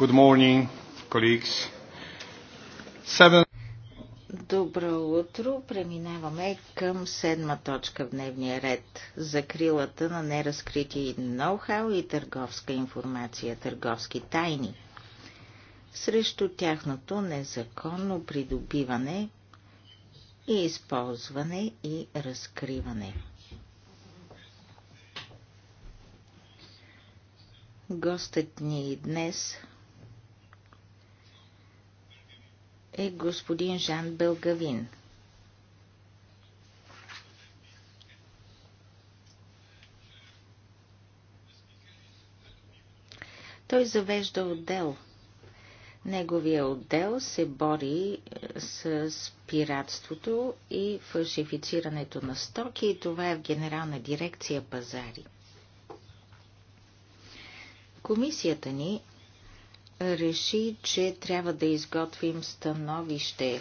Good morning, colleagues. Seven... Добро утро! Преминаваме към седма точка в дневния ред. Закрилата на неразкрити ноу-хау и търговска информация, търговски тайни. Срещу тяхното незаконно придобиване и използване и разкриване. Гостът ни днес е господин Жан Белгавин. Той завежда отдел. Неговия отдел се бори е, с пиратството и фалшифицирането на стоки и това е в Генерална дирекция пазари. Комисията ни реши, че трябва да изготвим становище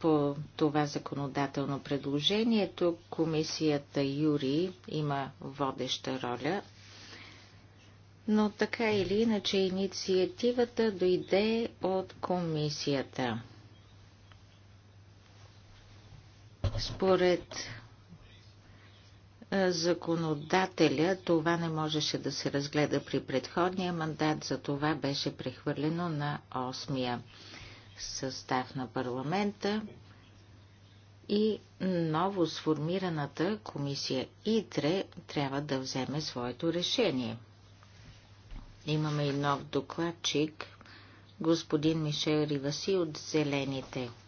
по това законодателно предложение. Тук комисията Юри има водеща роля, но така или иначе инициативата дойде от комисията. Според е, законодателя това не можеше да се разгледа при предходния мандат, за това беше прехвърлено на 8-я състав на парламента и ново сформираната комисия ИТРЕ трябва да вземе своето решение. Имаме и нов докладчик, господин Мишел Риваси от Зелените –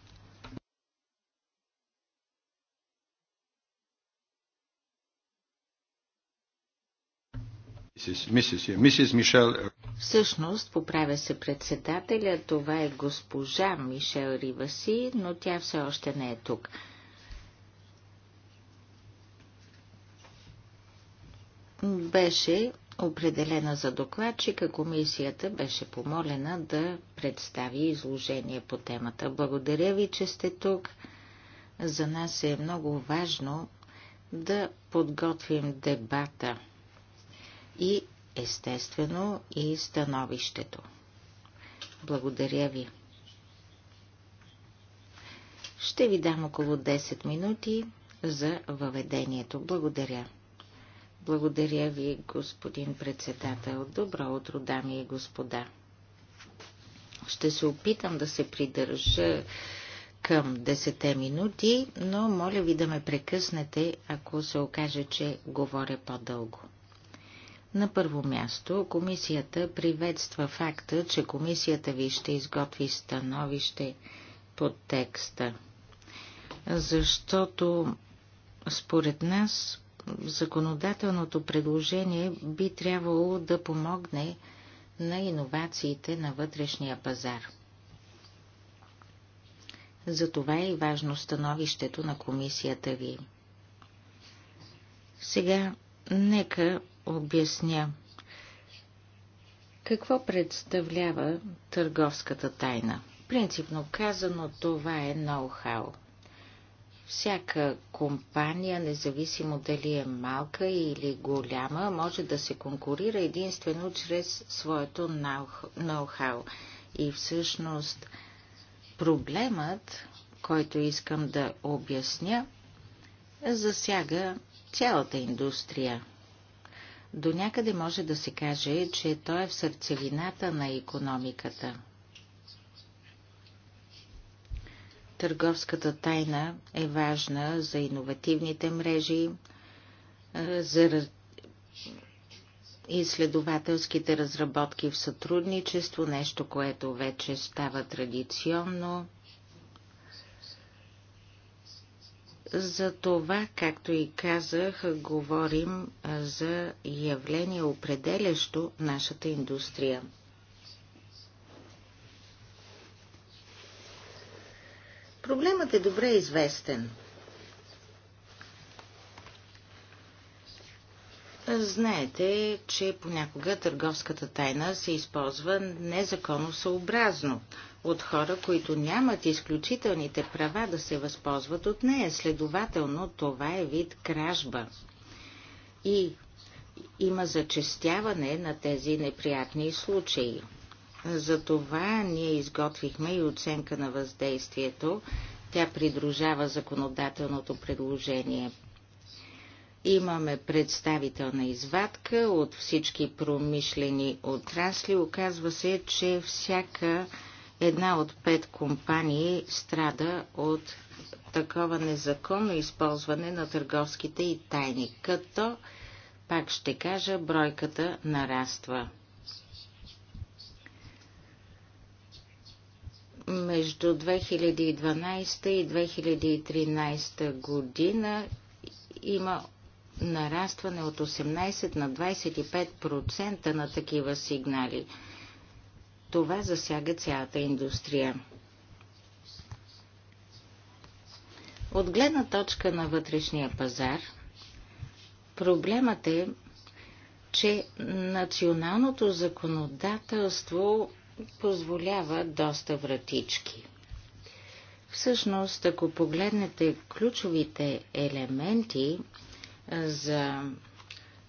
Всъщност, поправя се председателя, това е госпожа Мишел Риваси, но тя все още не е тук. Беше определена за докладчика, комисията беше помолена да представи изложение по темата. Благодаря ви, че сте тук. За нас е много важно да подготвим дебата – и естествено и становището. Благодаря ви. Ще ви дам около 10 минути за въведението. Благодаря. Благодаря ви, господин председател. Добро утро, дами и господа. Ще се опитам да се придържа към 10 минути, но моля ви да ме прекъснете, ако се окаже, че говоря по-дълго. На първо място, комисията приветства факта, че комисията ви ще изготви становище по текста, защото според нас законодателното предложение би трябвало да помогне на иновациите на вътрешния пазар. Затова е и важно становището на комисията ви. Сега нека обясня. Какво представлява търговската тайна? Принципно казано, това е ноу-хау. Всяка компания, независимо дали е малка или голяма, може да се конкурира единствено чрез своето ноу-хау. И всъщност проблемът, който искам да обясня, засяга цялата индустрия. До някъде може да се каже, че той е в сърцевината на економиката. Търговската тайна е важна за иновативните мрежи, за изследователските разработки в сътрудничество, нещо, което вече става традиционно. За това, както и казах, говорим за явление, определящо нашата индустрия. Проблемът е добре известен. Знаете, че понякога търговската тайна се използва незаконосъобразно. съобразно от хора, които нямат изключителните права да се възползват от нея. Следователно, това е вид кражба. И има зачестяване на тези неприятни случаи. Затова ние изготвихме и оценка на въздействието. Тя придружава законодателното предложение. Имаме представителна извадка от всички промишлени отрасли. Оказва се, че всяка Една от пет компании страда от такова незаконно използване на търговските и тайни, като, пак ще кажа, бройката нараства. Между 2012 и 2013 година има нарастване от 18 на 25% на такива сигнали – това засяга цялата индустрия. От гледна точка на вътрешния пазар, проблемът е, че националното законодателство позволява доста вратички. Всъщност, ако погледнете ключовите елементи за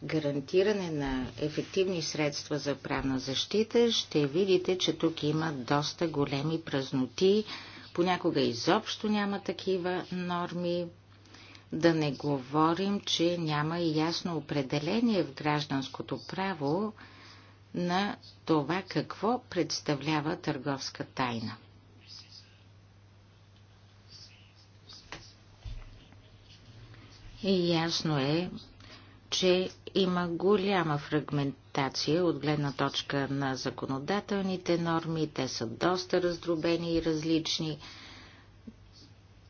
гарантиране на ефективни средства за правна защита, ще видите, че тук има доста големи празноти. Понякога изобщо няма такива норми. Да не говорим, че няма и ясно определение в гражданското право на това какво представлява търговска тайна. И ясно е, че има голяма фрагментация от гледна точка на законодателните норми. Те са доста раздробени и различни.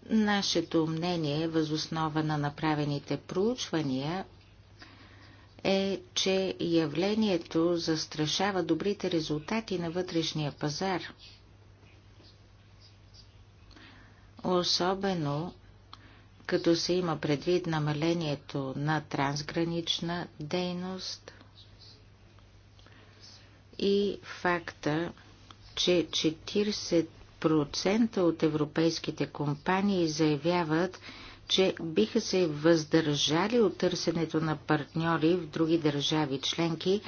Нашето мнение, възоснова на направените проучвания, е, че явлението застрашава добрите резултати на вътрешния пазар. Особено като се има предвид намалението на трансгранична дейност и факта, че 40% от европейските компании заявяват, че биха се въздържали от търсенето на партньори в други държави членки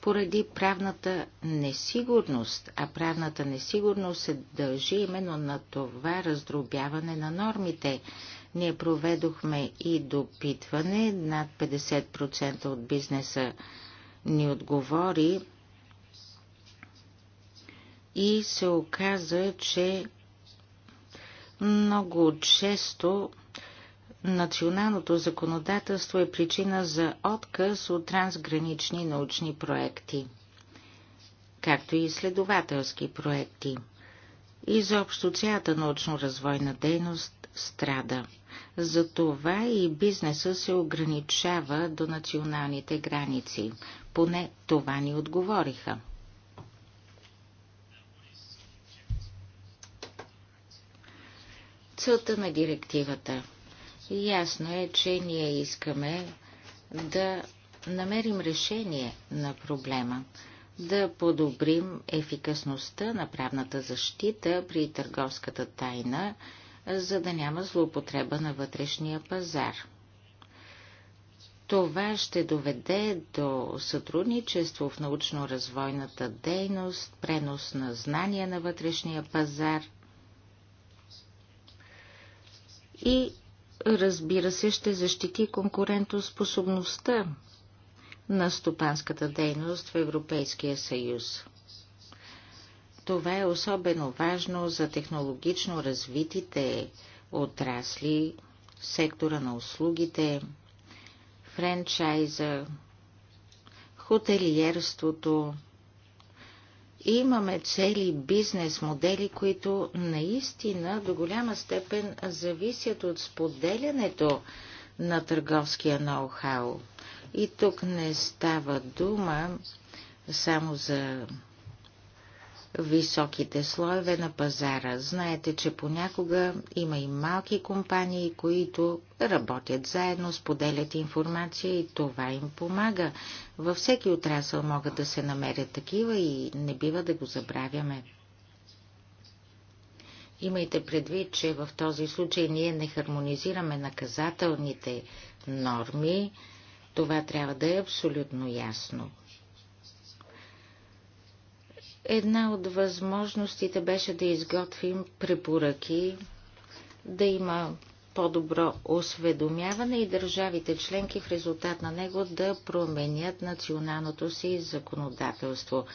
поради правната несигурност, а правната несигурност се дължи именно на това раздробяване на нормите – ние проведохме и допитване. Над 50% от бизнеса ни отговори и се оказа, че много често националното законодателство е причина за отказ от трансгранични научни проекти, както и изследователски проекти. Изобщо цялата научно-развойна дейност страда. Затова и бизнеса се ограничава до националните граници. Поне това ни отговориха. Целта на директивата. Ясно е, че ние искаме да намерим решение на проблема, да подобрим ефикасността на правната защита при търговската тайна за да няма злоупотреба на вътрешния пазар. Това ще доведе до сътрудничество в научно-развойната дейност, пренос на знания на вътрешния пазар и, разбира се, ще защити конкурентоспособността на стопанската дейност в Европейския съюз. Това е особено важно за технологично развитите отрасли, сектора на услугите, франчайза, хотелиерството. Имаме цели бизнес модели, които наистина до голяма степен зависят от споделянето на търговския ноу-хау. И тук не става дума само за високите слоеве на пазара. Знаете, че понякога има и малки компании, които работят заедно, споделят информация и това им помага. Във всеки отрасъл могат да се намерят такива и не бива да го забравяме. Имайте предвид, че в този случай ние не хармонизираме наказателните норми. Това трябва да е абсолютно ясно. Една от възможностите беше да изготвим препоръки, да има по-добро осведомяване и държавите членки в резултат на него да променят националното си законодателство.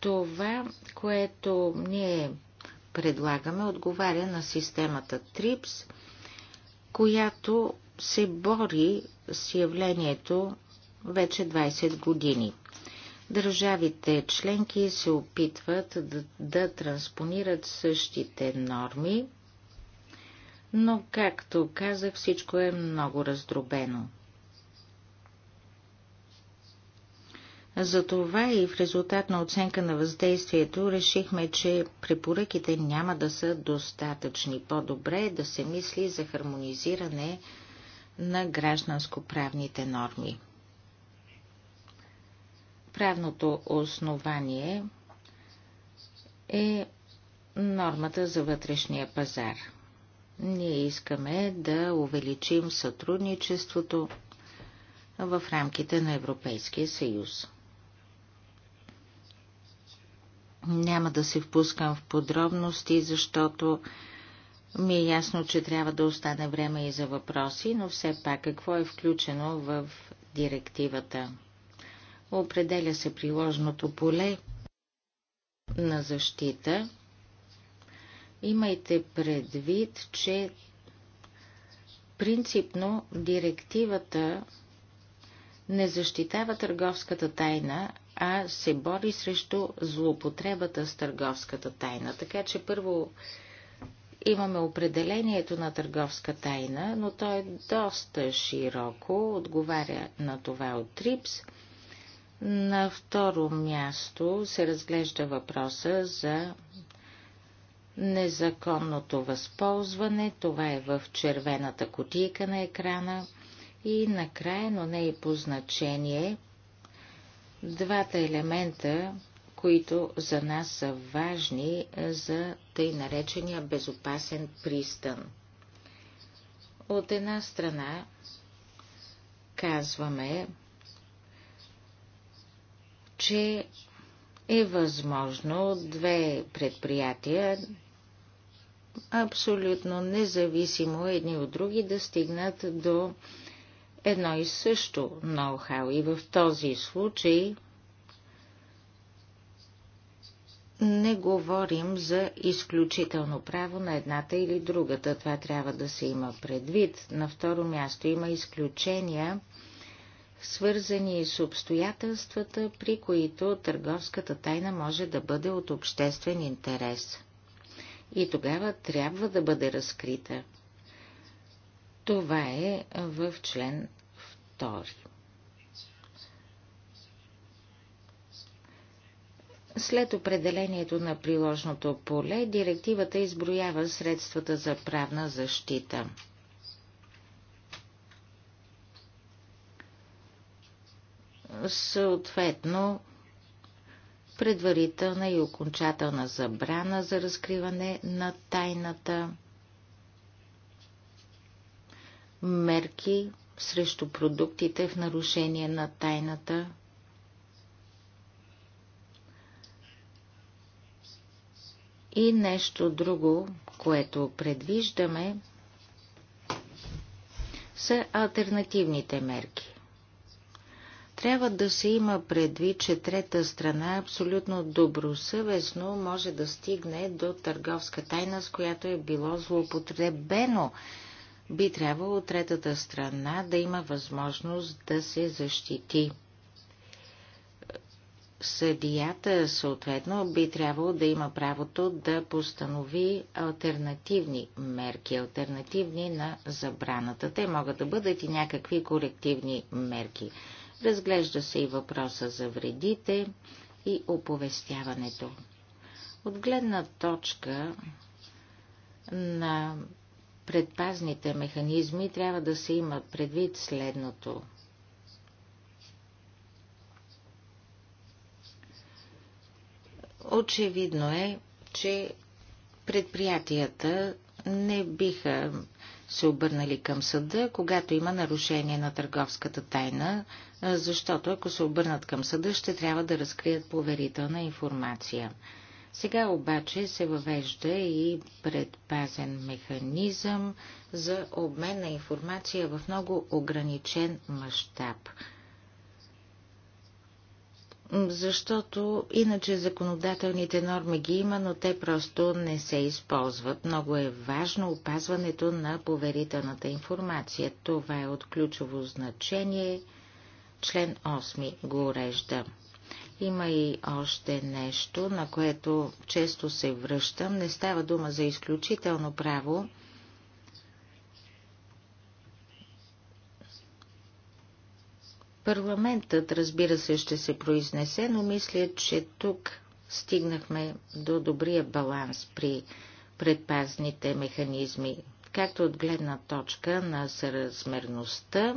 Това, което ние предлагаме, отговаря на системата ТРИПС, която се бори с явлението вече 20 години. Държавите членки се опитват да, да транспонират същите норми, но, както казах, всичко е много раздробено. Затова и в резултат на оценка на въздействието решихме, че препоръките няма да са достатъчни. По-добре е да се мисли за хармонизиране на гражданско-правните норми. Правното основание е нормата за вътрешния пазар. Ние искаме да увеличим сътрудничеството в рамките на Европейския съюз. Няма да се впускам в подробности, защото ми е ясно, че трябва да остане време и за въпроси, но все пак какво е включено в директивата? определя се приложното поле на защита. Имайте предвид, че принципно директивата не защитава търговската тайна, а се бори срещу злоупотребата с търговската тайна. Така че първо имаме определението на търговска тайна, но то е доста широко, отговаря на това от ТРИПС – на второ място се разглежда въпроса за незаконното възползване. Това е в червената котийка на екрана. И накрая, но не и е по значение, двата елемента, които за нас са важни за тъй наречения безопасен пристан. От една страна казваме, че е възможно две предприятия абсолютно независимо едни от други да стигнат до едно и също ноу-хау. И в този случай не говорим за изключително право на едната или другата. Това трябва да се има предвид. На второ място има изключения свързани с обстоятелствата, при които търговската тайна може да бъде от обществен интерес. И тогава трябва да бъде разкрита. Това е в член 2. След определението на приложното поле, директивата изброява средствата за правна защита – съответно предварителна и окончателна забрана за разкриване на тайната, мерки срещу продуктите в нарушение на тайната, И нещо друго, което предвиждаме, са альтернативните мерки. Трябва да се има предвид, че трета страна е абсолютно добросъвестно може да стигне до търговска тайна, с която е било злоупотребено. Би трябвало третата страна да има възможност да се защити. Съдията, съответно, би трябвало да има правото да постанови альтернативни мерки, альтернативни на забраната. Те могат да бъдат и някакви корективни мерки. Разглежда се и въпроса за вредите и оповестяването. От гледна точка на предпазните механизми трябва да се има предвид следното. Очевидно е, че предприятията не биха се обърнали към съда, когато има нарушение на търговската тайна защото ако се обърнат към съда, ще трябва да разкрият поверителна информация. Сега обаче се въвежда и предпазен механизъм за обмен на информация в много ограничен мащаб. Защото иначе законодателните норми ги има, но те просто не се използват. Много е важно опазването на поверителната информация. Това е от ключово значение – Член 8 го урежда. Има и още нещо, на което често се връщам. Не става дума за изключително право. Парламентът, разбира се, ще се произнесе, но мисля, че тук стигнахме до добрия баланс при предпазните механизми, както от гледна точка на съразмерността,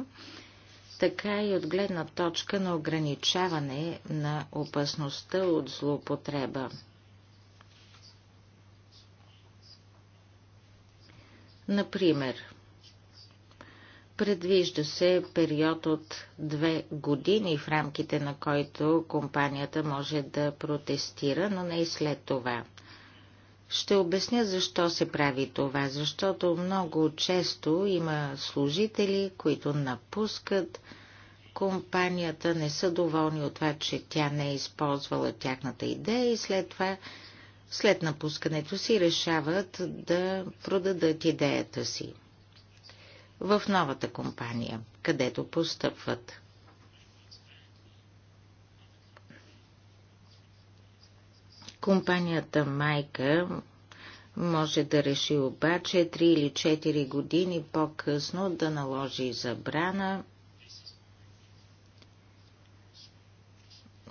така и от гледна точка на ограничаване на опасността от злоупотреба. Например, предвижда се период от две години, в рамките на който компанията може да протестира, но не и след това – ще обясня защо се прави това, защото много често има служители, които напускат компанията, не са доволни от това, че тя не е използвала тяхната идея и след това, след напускането си, решават да продадат идеята си в новата компания, където постъпват. Компанията майка може да реши обаче 3 или 4 години по-късно да наложи забрана.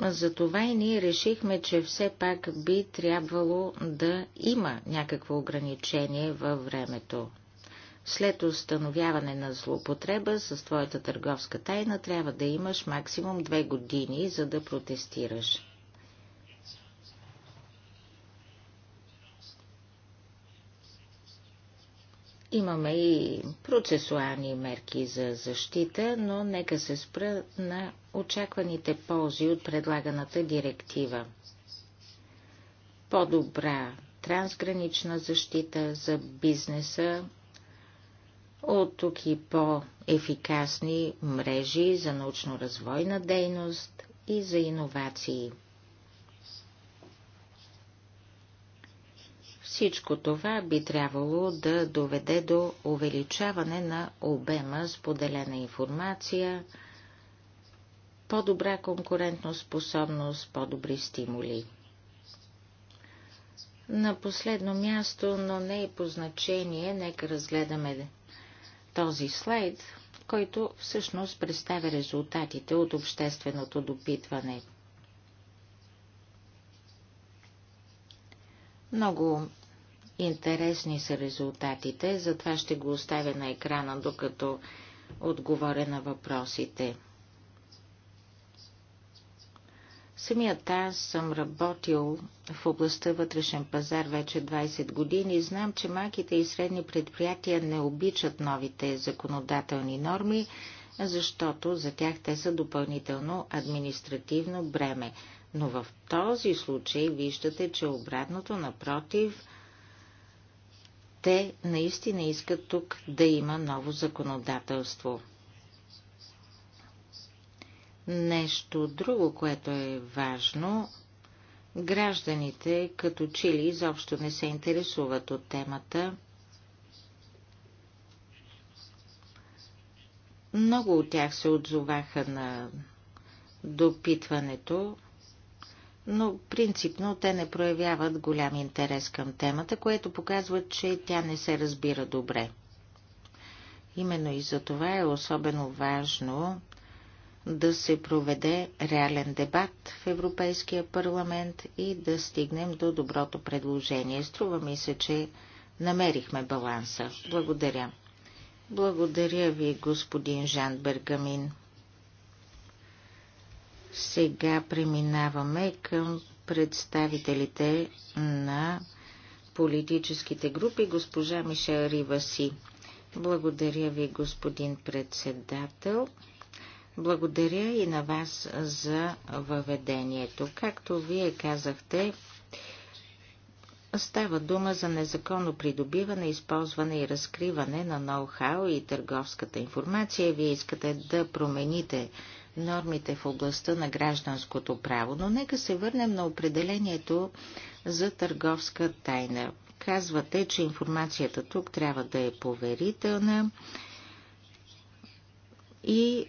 Затова и ние решихме, че все пак би трябвало да има някакво ограничение във времето. След установяване на злоупотреба с твоята търговска тайна трябва да имаш максимум две години, за да протестираш. Имаме и процесуални мерки за защита, но нека се спра на очакваните ползи от предлаганата директива. По-добра трансгранична защита за бизнеса, от тук и по-ефикасни мрежи за научно-развойна дейност и за иновации – Всичко това би трябвало да доведе до увеличаване на обема споделена информация, по-добра конкурентоспособност, по-добри стимули. На последно място, но не и по значение, нека разгледаме този слайд, който всъщност представя резултатите от общественото допитване. Много Интересни са резултатите, затова ще го оставя на екрана, докато отговоря на въпросите. Самият аз съм работил в областта вътрешен пазар вече 20 години и знам, че малките и средни предприятия не обичат новите законодателни норми, защото за тях те са допълнително административно бреме. Но в този случай виждате, че обратното напротив – те наистина искат тук да има ново законодателство. Нещо друго, което е важно, гражданите като чили изобщо не се интересуват от темата. Много от тях се отзоваха на допитването, но принципно те не проявяват голям интерес към темата, което показва, че тя не се разбира добре. Именно и за това е особено важно да се проведе реален дебат в Европейския парламент и да стигнем до доброто предложение. Струва ми се, че намерихме баланса. Благодаря. Благодаря ви, господин Жан Бергамин. Сега преминаваме към представителите на политическите групи, госпожа Мишел Риваси. Благодаря ви, господин председател. Благодаря и на вас за въведението. Както вие казахте, става дума за незаконно придобиване, използване и разкриване на ноу-хау и търговската информация. Вие искате да промените нормите в областта на гражданското право, но нека се върнем на определението за търговска тайна. Казвате, че информацията тук трябва да е поверителна и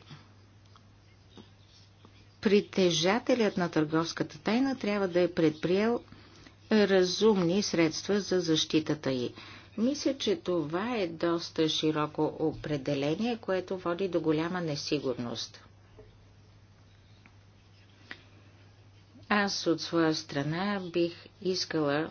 притежателят на търговската тайна трябва да е предприел разумни средства за защитата й. Мисля, че това е доста широко определение, което води до голяма несигурност. Аз от своя страна бих искала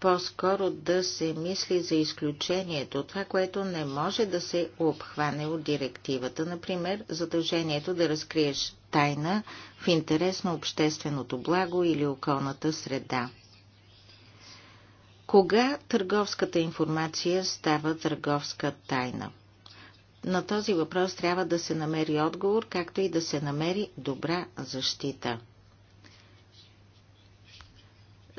по-скоро да се мисли за изключението, това, което не може да се обхване от директивата, например задължението да разкриеш тайна в интерес на общественото благо или околната среда. Кога търговската информация става търговска тайна? На този въпрос трябва да се намери отговор, както и да се намери добра защита.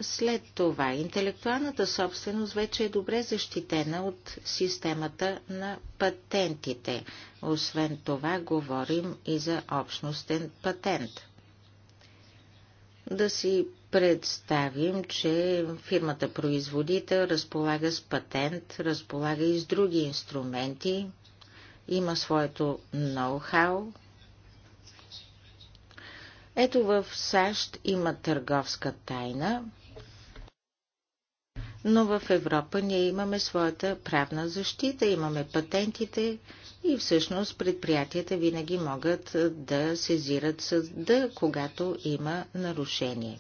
След това интелектуалната собственост вече е добре защитена от системата на патентите. Освен това говорим и за общностен патент. Да си представим, че фирмата производител разполага с патент, разполага и с други инструменти, има своето ноу-хау. Ето в САЩ има търговска тайна – но в Европа ние имаме своята правна защита, имаме патентите и всъщност предприятията винаги могат да сезират съда, когато има нарушение.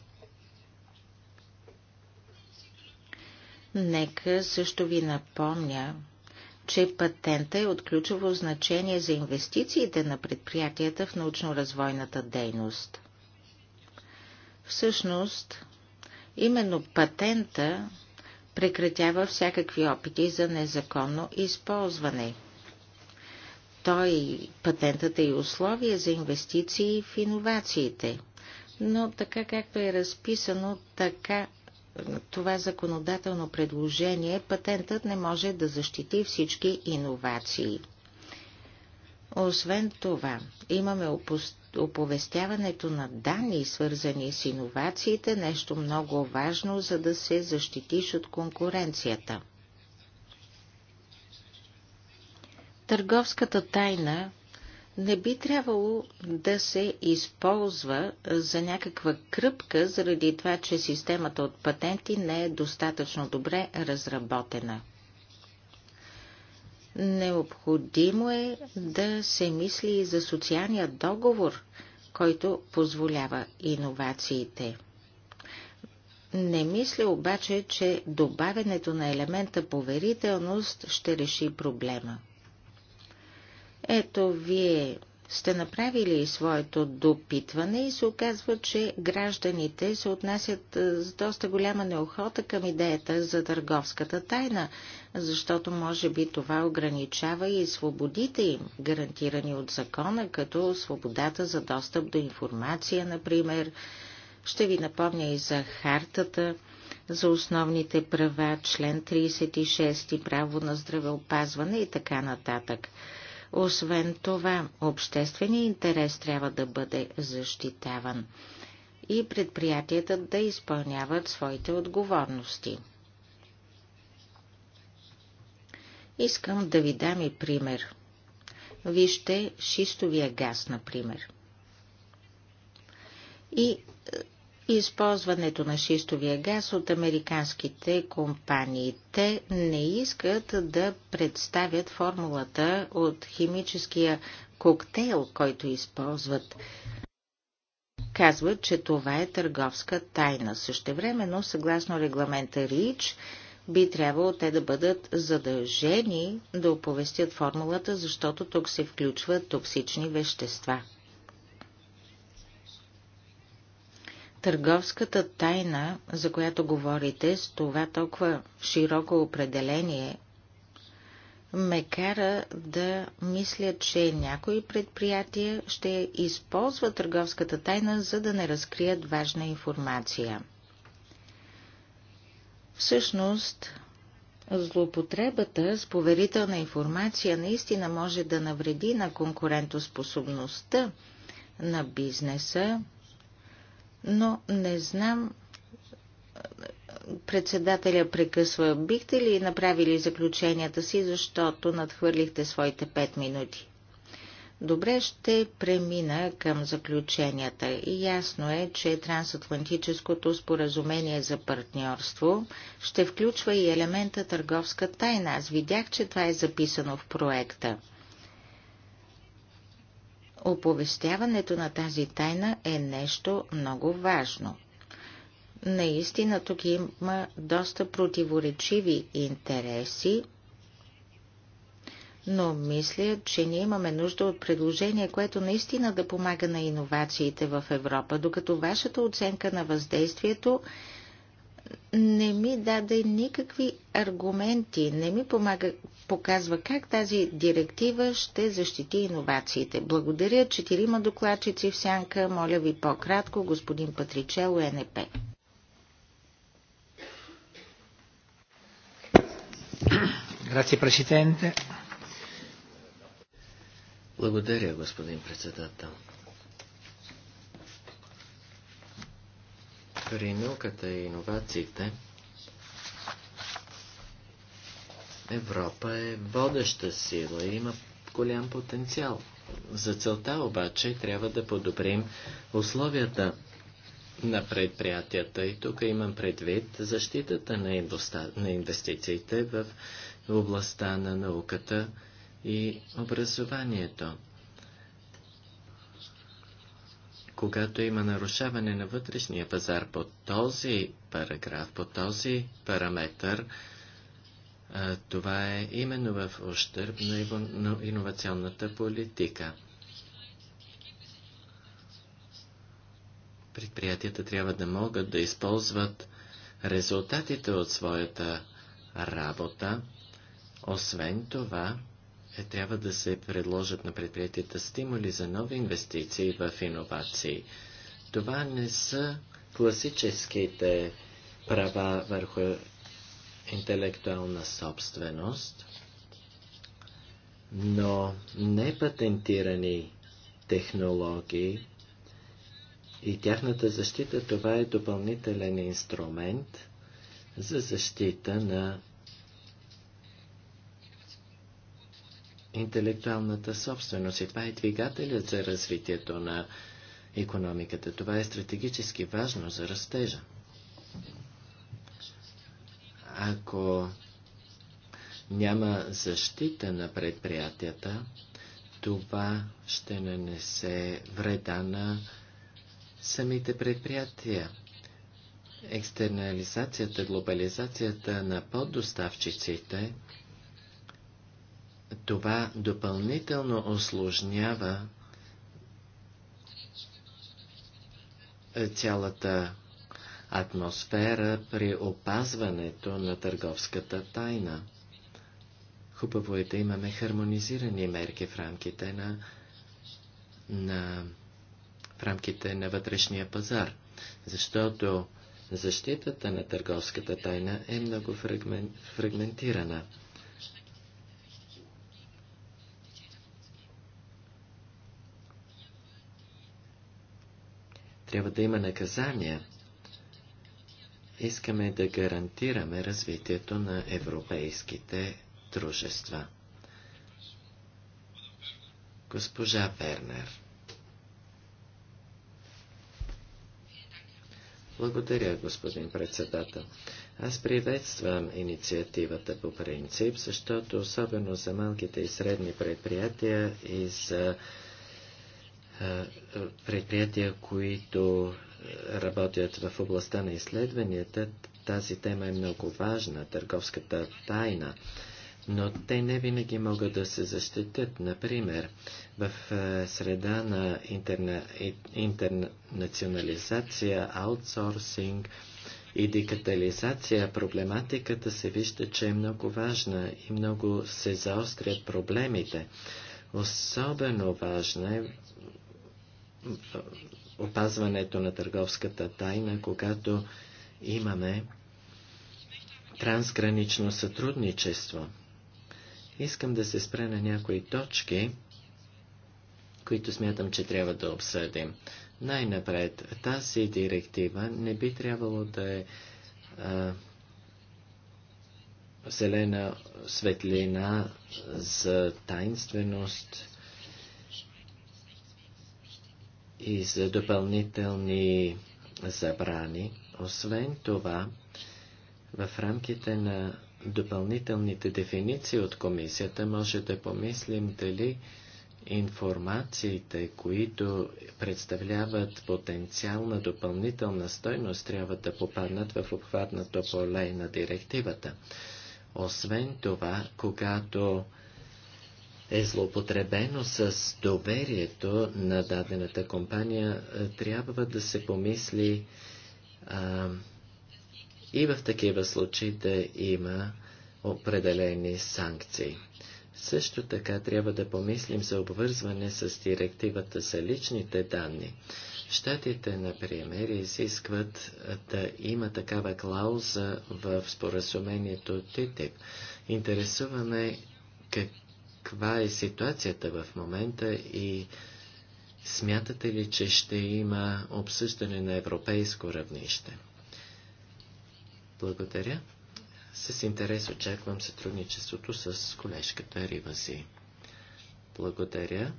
Нека също ви напомня, че патента е от ключово значение за инвестициите на предприятията в научно-развойната дейност. Всъщност, именно патента прекратява всякакви опити за незаконно използване. Той патентът е и условия за инвестиции в иновациите. Но така както е разписано, така това законодателно предложение, патентът не може да защити всички иновации. Освен това, имаме оповестяването на данни, свързани с иновациите, нещо много важно, за да се защитиш от конкуренцията. Търговската тайна не би трябвало да се използва за някаква кръпка, заради това, че системата от патенти не е достатъчно добре разработена. Необходимо е да се мисли и за социалния договор, който позволява иновациите. Не мисля обаче, че добавянето на елемента поверителност ще реши проблема. Ето вие сте направили своето допитване и се оказва, че гражданите се отнасят е, с доста голяма неохота към идеята за търговската тайна, защото може би това ограничава и свободите им, гарантирани от закона, като свободата за достъп до информация, например. Ще ви напомня и за хартата за основните права, член 36 и право на здравеопазване и така нататък. Освен това, общественият интерес трябва да бъде защитаван и предприятията да изпълняват своите отговорности. Искам да ви дам и пример. Вижте шистовия газ, например. И използването на шистовия газ от американските компании. Те не искат да представят формулата от химическия коктейл, който използват. Казват, че това е търговска тайна. Същевременно, съгласно регламента РИЧ, би трябвало те да бъдат задължени да оповестят формулата, защото тук се включват токсични вещества. Търговската тайна, за която говорите, с това толкова широко определение, ме кара да мисля, че някои предприятия ще използват търговската тайна, за да не разкрият важна информация. Всъщност, злоупотребата с поверителна информация наистина може да навреди на конкурентоспособността на бизнеса, но не знам председателя прекъсва. Бихте ли направили заключенията си, защото надхвърлихте своите 5 минути? Добре, ще премина към заключенията. И ясно е, че трансатлантическото споразумение за партньорство ще включва и елемента търговска тайна. Аз видях, че това е записано в проекта. Оповестяването на тази тайна е нещо много важно. Наистина тук има доста противоречиви интереси, но мисля, че ние имаме нужда от предложение, което наистина да помага на иновациите в Европа, докато вашата оценка на въздействието не ми даде никакви аргументи, не ми помага, показва как тази директива ще защити иновациите. Благодаря четирима докладчици в сянка. Моля ви по-кратко, господин Патричел, НП. Грация, Presidente. Благодаря, господин председател. При науката и иновациите Европа е водеща сила и има голям потенциал. За целта обаче трябва да подобрим условията на предприятията и тук имам предвид защитата на, индуста... на инвестициите в областта на науката и образованието. Когато има нарушаване на вътрешния пазар по този параграф, по този параметр, това е именно в ощърб на иновационната политика. Предприятията трябва да могат да използват резултатите от своята работа. Освен това, е, трябва да се предложат на предприятията стимули за нови инвестиции в иновации. Това не са класическите права върху интелектуална собственост, но непатентирани технологии и тяхната защита, това е допълнителен инструмент за защита на интелектуалната собственост. И това е двигателят за развитието на економиката. Това е стратегически важно за растежа. Ако няма защита на предприятията, това ще нанесе вреда на самите предприятия. Екстернализацията, глобализацията на поддоставчиците, това допълнително осложнява цялата атмосфера при опазването на търговската тайна. Хубаво е да имаме хармонизирани мерки в рамките на, на, в рамките на вътрешния пазар, защото защитата на търговската тайна е много фрагмен, фрагментирана. Трябва да има наказания Искаме да гарантираме развитието на европейските дружества. Госпожа Вернер. Благодаря, господин председател. Аз приветствам инициативата по принцип, защото особено за малките и средни предприятия и за предприятия, които работят в областта на изследванията, тази тема е много важна, търговската тайна, но те не винаги могат да се защитят. Например, в е, среда на интерна... интернационализация, аутсорсинг и дигитализация, проблематиката се вижда, че е много важна и много се заострят проблемите. Особено важна е опазването на търговската тайна, когато имаме трансгранично сътрудничество. Искам да се спра на някои точки, които смятам, че трябва да обсъдим. Най-напред, тази директива не би трябвало да е а, зелена светлина за тайнственост и за допълнителни забрани. Освен това, в рамките на допълнителните дефиниции от комисията може да помислим дали информациите, които представляват потенциална допълнителна стойност, трябва да попаднат в обхватното поле на директивата. Освен това, когато е злоупотребено с доверието на дадената компания, е, трябва да се помисли а, и в такива случаи да има определени санкции. Също така трябва да помислим за обвързване с директивата за личните данни. Штатите, например, изискват да има такава клауза в споразумението ТТИП. Интересуваме как, каква е ситуацията в момента и смятате ли, че ще има обсъждане на европейско равнище? Благодаря. С интерес очаквам сътрудничеството с колежката Ривази. Благодаря.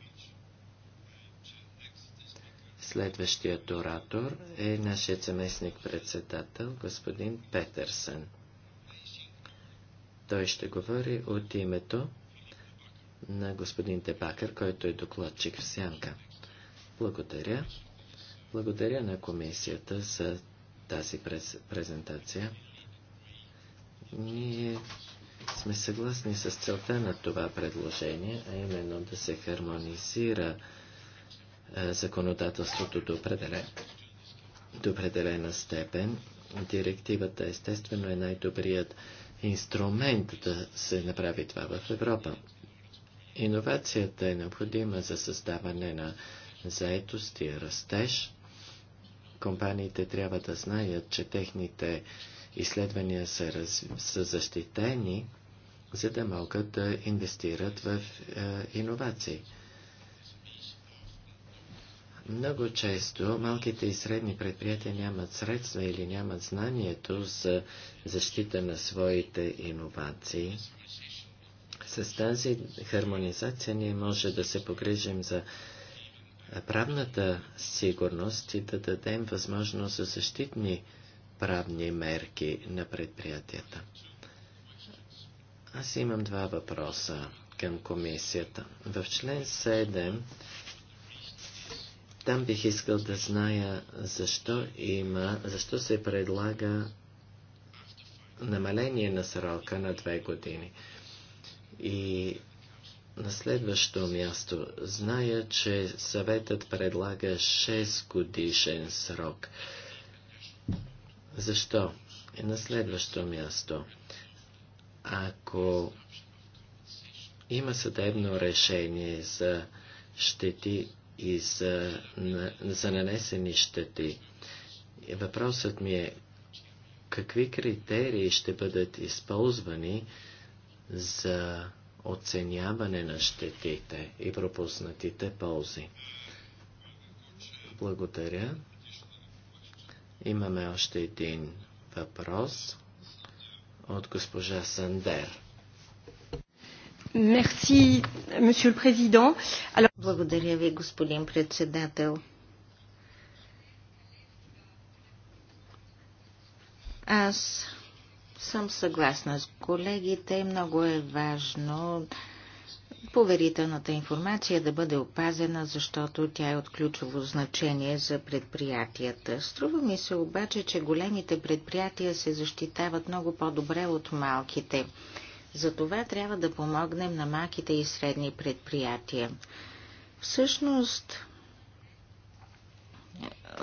Следващият оратор е нашият заместник-председател, господин Петърсън. Той ще говори от името на господин Дебакър, който е докладчик в Сянка. Благодаря. Благодаря на комисията за тази през, презентация. Ние сме съгласни с целта на това предложение, а именно да се хармонизира е, законодателството до, определен, до определена степен. Директивата естествено е най-добрият инструмент да се направи това в Европа. Иновацията е необходима за създаване на заетост и растеж. Компаниите трябва да знаят, че техните изследвания са, раз... са защитени, за да могат да инвестират в е, иновации. Много често малките и средни предприятия нямат средства или нямат знанието за защита на своите иновации с тази хармонизация ние може да се погрижим за правната сигурност и да дадем възможност за защитни правни мерки на предприятията. Аз имам два въпроса към комисията. В член 7 там бих искал да зная защо има, защо се предлага намаление на срока на две години. И на следващо място, зная, че съветът предлага 6 годишен срок. Защо? И на следващо място, ако има съдебно решение за щети и за, на, за нанесени щети, въпросът ми е какви критерии ще бъдат използвани, за оценяване на щетите и пропуснатите ползи. Благодаря. Имаме още един въпрос от госпожа Сандер. Merci, monsieur le Alors... Благодаря ви, господин председател. Аз съм съгласна с колегите. Много е важно поверителната информация да бъде опазена, защото тя е от ключово значение за предприятията. Струва ми се обаче, че големите предприятия се защитават много по-добре от малките. Затова трябва да помогнем на малките и средни предприятия. Всъщност,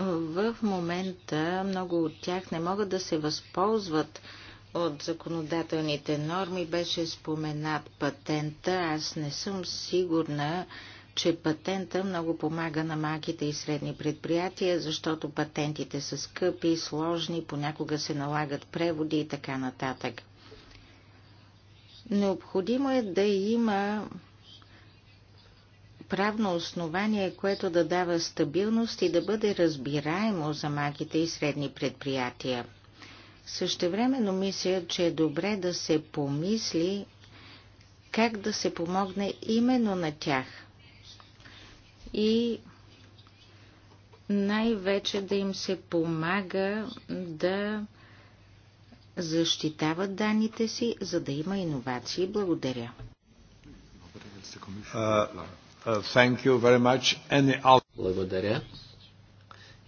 в момента много от тях не могат да се възползват от законодателните норми беше споменат патента. Аз не съм сигурна, че патента много помага на малките и средни предприятия, защото патентите са скъпи, сложни, понякога се налагат преводи и така нататък. Необходимо е да има правно основание, което да дава стабилност и да бъде разбираемо за малките и средни предприятия – Същевременно мисля, че е добре да се помисли как да се помогне именно на тях. И най-вече да им се помага да защитават данните си, за да има иновации. Благодаря. Uh, uh, Благодаря.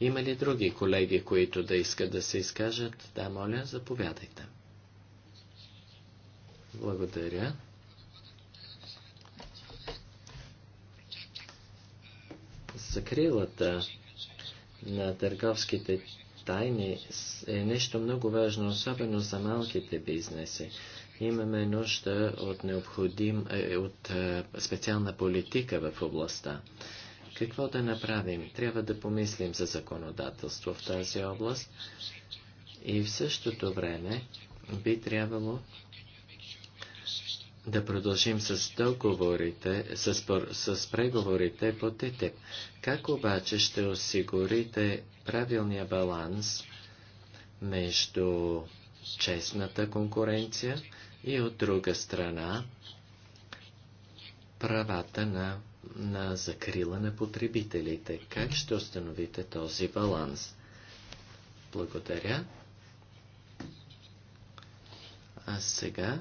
Има ли други колеги, които да искат да се изкажат? Да, моля, заповядайте. Благодаря. Закрилата на търговските тайни е нещо много важно, особено за малките бизнеси. Имаме нужда от необходим, е, от е, специална политика в областта. Какво да направим? Трябва да помислим за законодателство в тази област и в същото време би трябвало да продължим с договорите, с, с преговорите по ТТИП. Как обаче ще осигурите правилния баланс между честната конкуренция и от друга страна правата на на закрила на потребителите. Как ще установите този баланс? Благодаря. А сега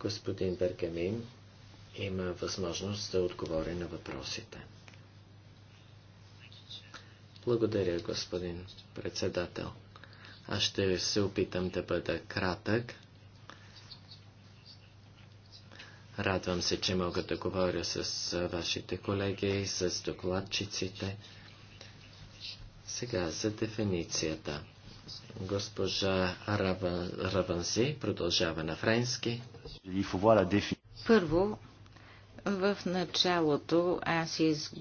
господин Бергамин има възможност да отговори на въпросите. Благодаря, господин председател. Аз ще се опитам да бъда кратък. Радвам се, че мога да говоря с вашите колеги и с докладчиците. Сега за дефиницията. Госпожа Раванзи продължава на френски. Първо, в началото аз из...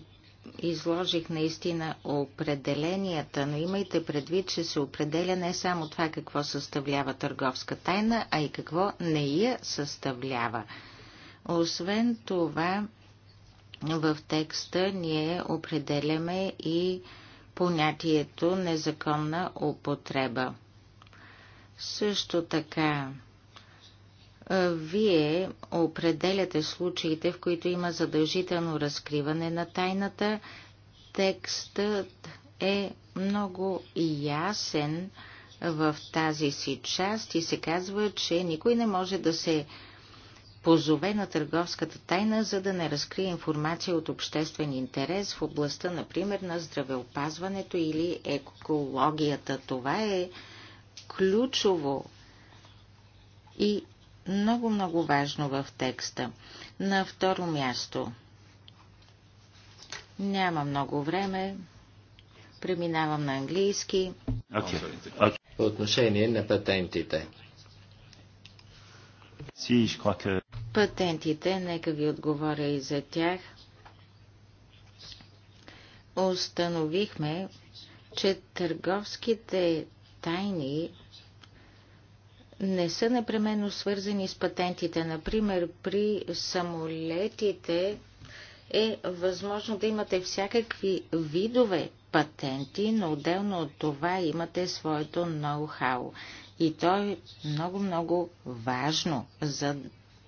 изложих наистина определенията, но имайте предвид, че се определя не само това какво съставлява търговска тайна, а и какво не я съставлява. Освен това, в текста ние определяме и понятието незаконна употреба. Също така, вие определяте случаите, в които има задължително разкриване на тайната. Текстът е много ясен в тази си част и се казва, че никой не може да се позове на търговската тайна, за да не разкрие информация от обществен интерес в областта, например, на здравеопазването или екологията. Това е ключово и много-много важно в текста. На второ място. Няма много време. Преминавам на английски. Okay. Okay. По отношение на патентите. Патентите, нека ви отговоря и за тях. Установихме, че търговските тайни не са непременно свързани с патентите. Например, при самолетите е възможно да имате всякакви видове патенти, но отделно от това имате своето ноу-хау. И то е много-много важно за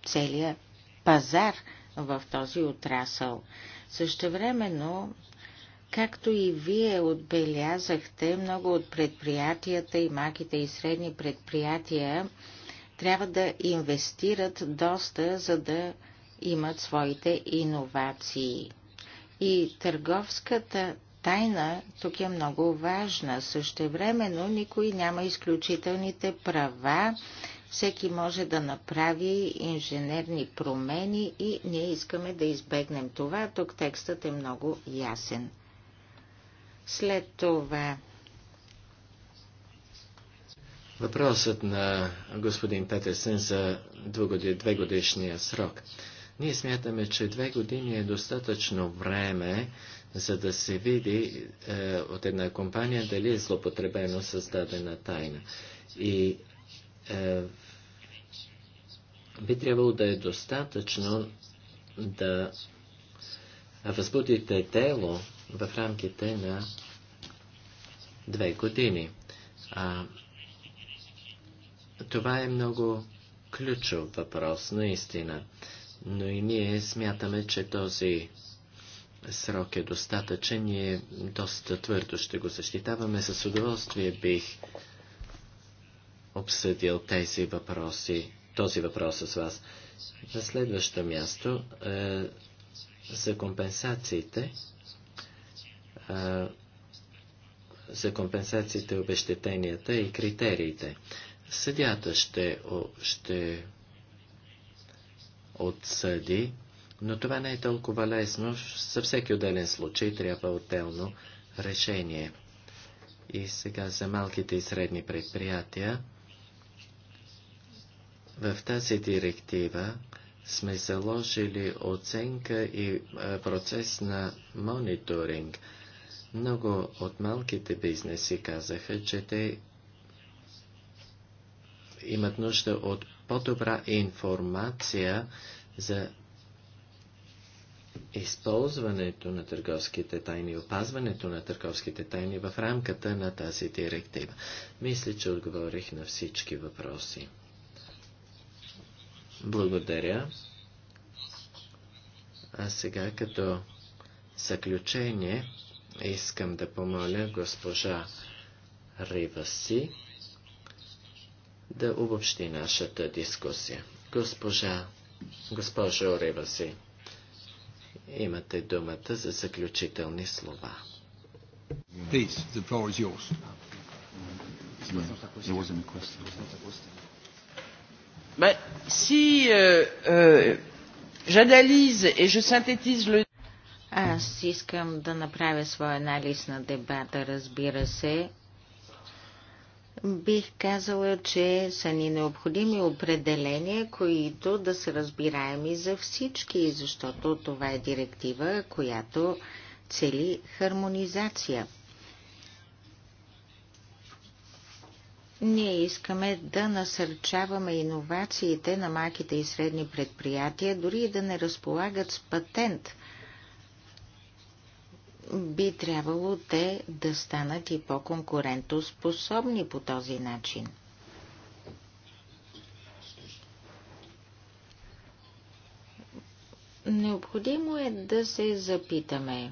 целия пазар в този отрасъл. Същевременно, както и вие отбелязахте, много от предприятията и малките и средни предприятия трябва да инвестират доста, за да имат своите иновации. И търговската тайна тук е много важна. Същевременно никой няма изключителните права всеки може да направи инженерни промени и ние искаме да избегнем това. Тук текстът е много ясен. След това. Въпросът на господин Петерсен за две годишния срок. Ние смятаме, че две години е достатъчно време, за да се види е, от една компания дали е злопотребено създадена тайна. И е, би трябвало да е достатъчно да възбудите дело в рамките на две години. А, това е много ключов въпрос, наистина. Но и ние смятаме, че този срок е достатъчен. Ние доста твърдо ще го защитаваме. С удоволствие бих обсъдил тези въпроси този въпрос с вас. На следващо място е, за компенсациите. Е, за компенсациите, обещетенията и критериите. Съдята ще, ще отсъди, но това не е толкова лесно. За всеки отделен случай трябва отделно решение. И сега за малките и средни предприятия в тази директива сме заложили оценка и процес на мониторинг. Много от малките бизнеси казаха, че те имат нужда от по-добра информация за използването на търговските тайни, опазването на търговските тайни в рамката на тази директива. Мисля, че отговорих на всички въпроси. Благодаря. А сега като заключение искам да помоля госпожа Риваси да обобщи нашата дискусия. Госпожа, госпожа Риваси, имате думата за заключителни слова. Please, the floor is yours. There wasn't a question si euh, euh, j'analyse et je synthétise le аз искам да направя своя анализ на дебата, разбира се. Бих казала, че са ни необходими определения, които да са разбираеми за всички, защото това е директива, която цели хармонизация. Ние искаме да насърчаваме иновациите на малките и средни предприятия, дори и да не разполагат с патент. Би трябвало те да станат и по-конкурентоспособни по този начин. Необходимо е да се запитаме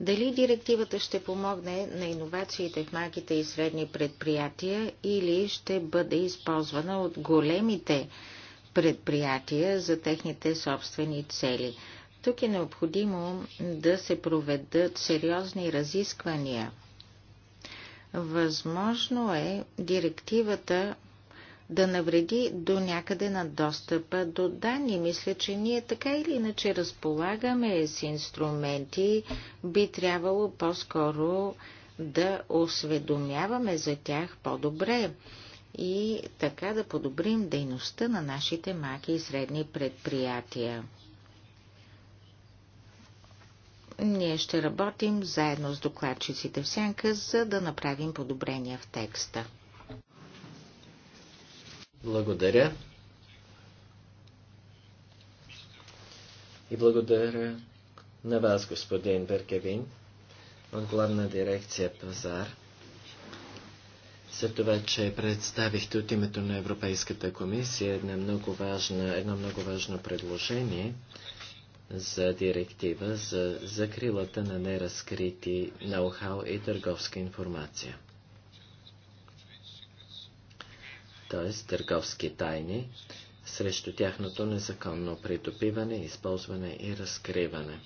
дали директивата ще помогне на иновациите в малките и средни предприятия или ще бъде използвана от големите предприятия за техните собствени цели? Тук е необходимо да се проведат сериозни разисквания. Възможно е директивата да навреди до някъде на достъпа до данни. Мисля, че ние така или иначе разполагаме с инструменти, би трябвало по-скоро да осведомяваме за тях по-добре и така да подобрим дейността на нашите маки и средни предприятия. Ние ще работим заедно с докладчиците в сянка, за да направим подобрения в текста. Благодаря. И благодаря на вас, господин Беркевин, от главна дирекция Пазар, за това, че представихте от името на Европейската комисия една много важно, едно много важно предложение за директива за закрилата на неразкрити ноу-хау и търговска информация. т.е. търговски тайни, срещу тяхното незаконно придобиване, използване и разкриване.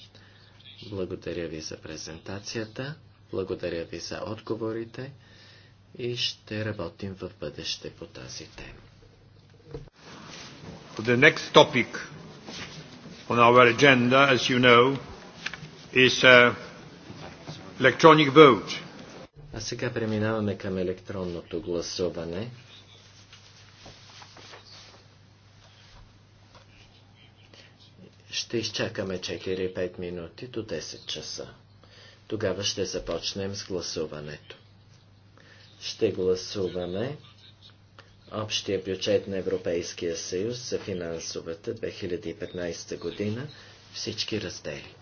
Благодаря ви за презентацията, благодаря ви за отговорите и ще работим в бъдеще по тази тема. The next topic on our agenda, as you know, is uh, electronic vote. А сега преминаваме към електронното гласуване. Ще изчакаме 4-5 минути до 10 часа. Тогава ще започнем с гласуването. Ще гласуваме общия бюджет на Европейския съюз за финансовата 2015 година всички раздели.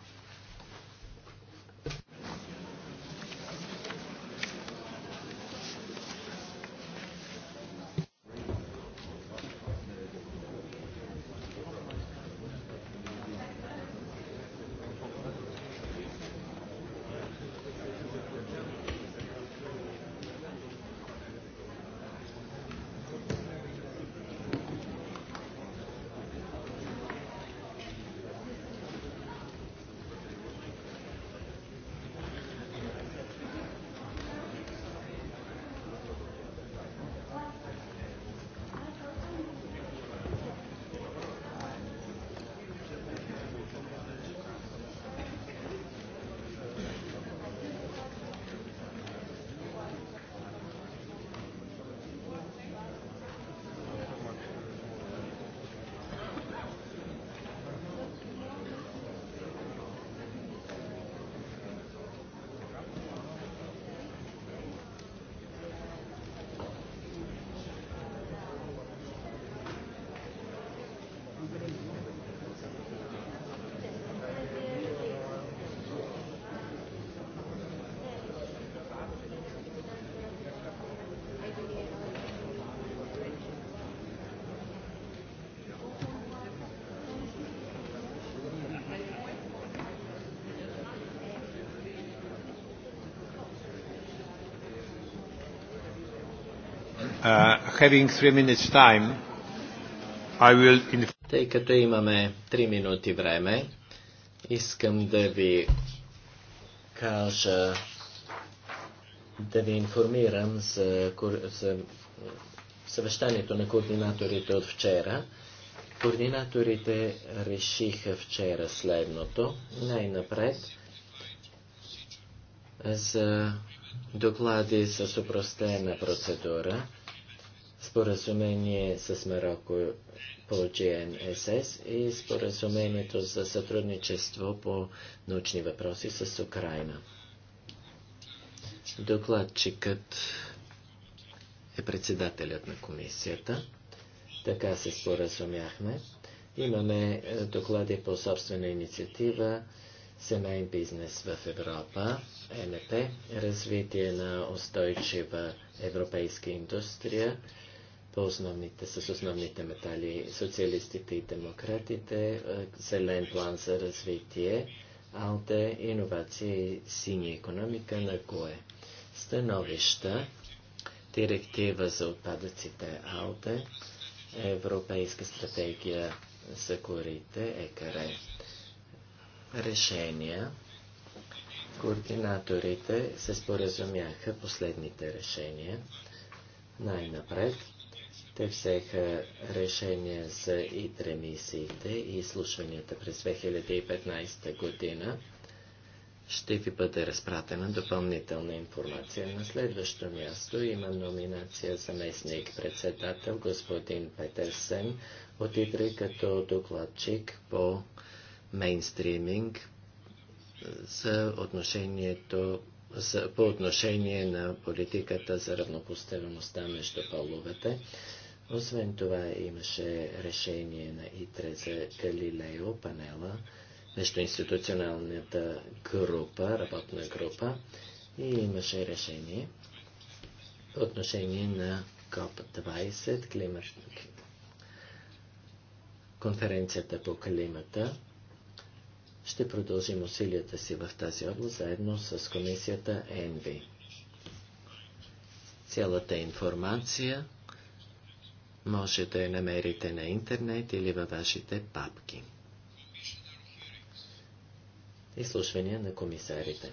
having three minutes time, I will... Тъй като имаме 3 минути време, искам да ви кажа, да ви информирам за, за съвещанието на координаторите от вчера. Координаторите решиха вчера следното. Най-напред за доклади с упростена процедура споразумение с Марокко по GNSS и споразумението за сътрудничество по научни въпроси с Украина. Докладчикът е председателят на комисията. Така се споразумяхме. Имаме е, доклади по собствена инициатива Семейен бизнес в Европа, МП, е развитие на устойчива европейска индустрия, по основните, с основните метали. Социалистите и демократите, е, зелен план за развитие, АЛТЕ, иновация и синя економика на КОЕ. Становища, директива за отпадъците АЛТЕ, Европейска стратегия за корите, ЕКАРЕ, Решения. Координаторите се споразумяха последните решения. Най-напред те взеха решение за ИТРЕ-мисиите и слушанията през 2015 година. Ще ви бъде разпратена допълнителна информация. На следващо място има номинация за местник председател господин Петерсен от ИТРЕ като докладчик по мейнстриминг за отношението за, по отношение на политиката за равнопоставеността между половете. Освен това имаше решение на ИТРЕ за Галилео, панела, институционалната група, работна група и имаше решение по отношение на КОП-20, климат... конференцията по климата. Ще продължим усилията си в тази област заедно с комисията ЕНВИ. Цялата информация може да я намерите на интернет или във вашите папки. Изслушвания на комисарите.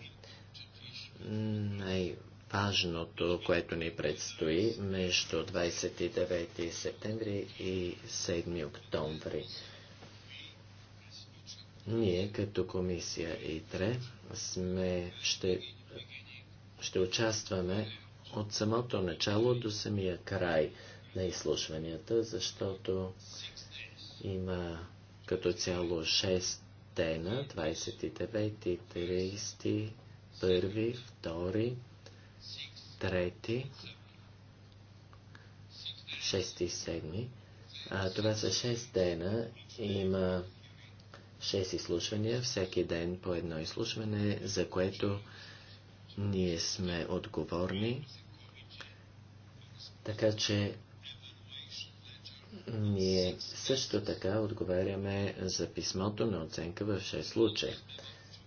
Най-важното, което ни предстои между 29 септември и 7 октомври. Ние като комисия ИТРЕ сме, ще, ще участваме от самото начало до самия край на изслушванията, защото има като цяло 6 дена, 29, 30, 1, 2, 3, 6 и 7. А, това са 6 дена. и Има 6 изслушвания, всеки ден по едно изслушване, за което ние сме отговорни. Така че ние също така отговаряме за писмото на оценка в 6 случая.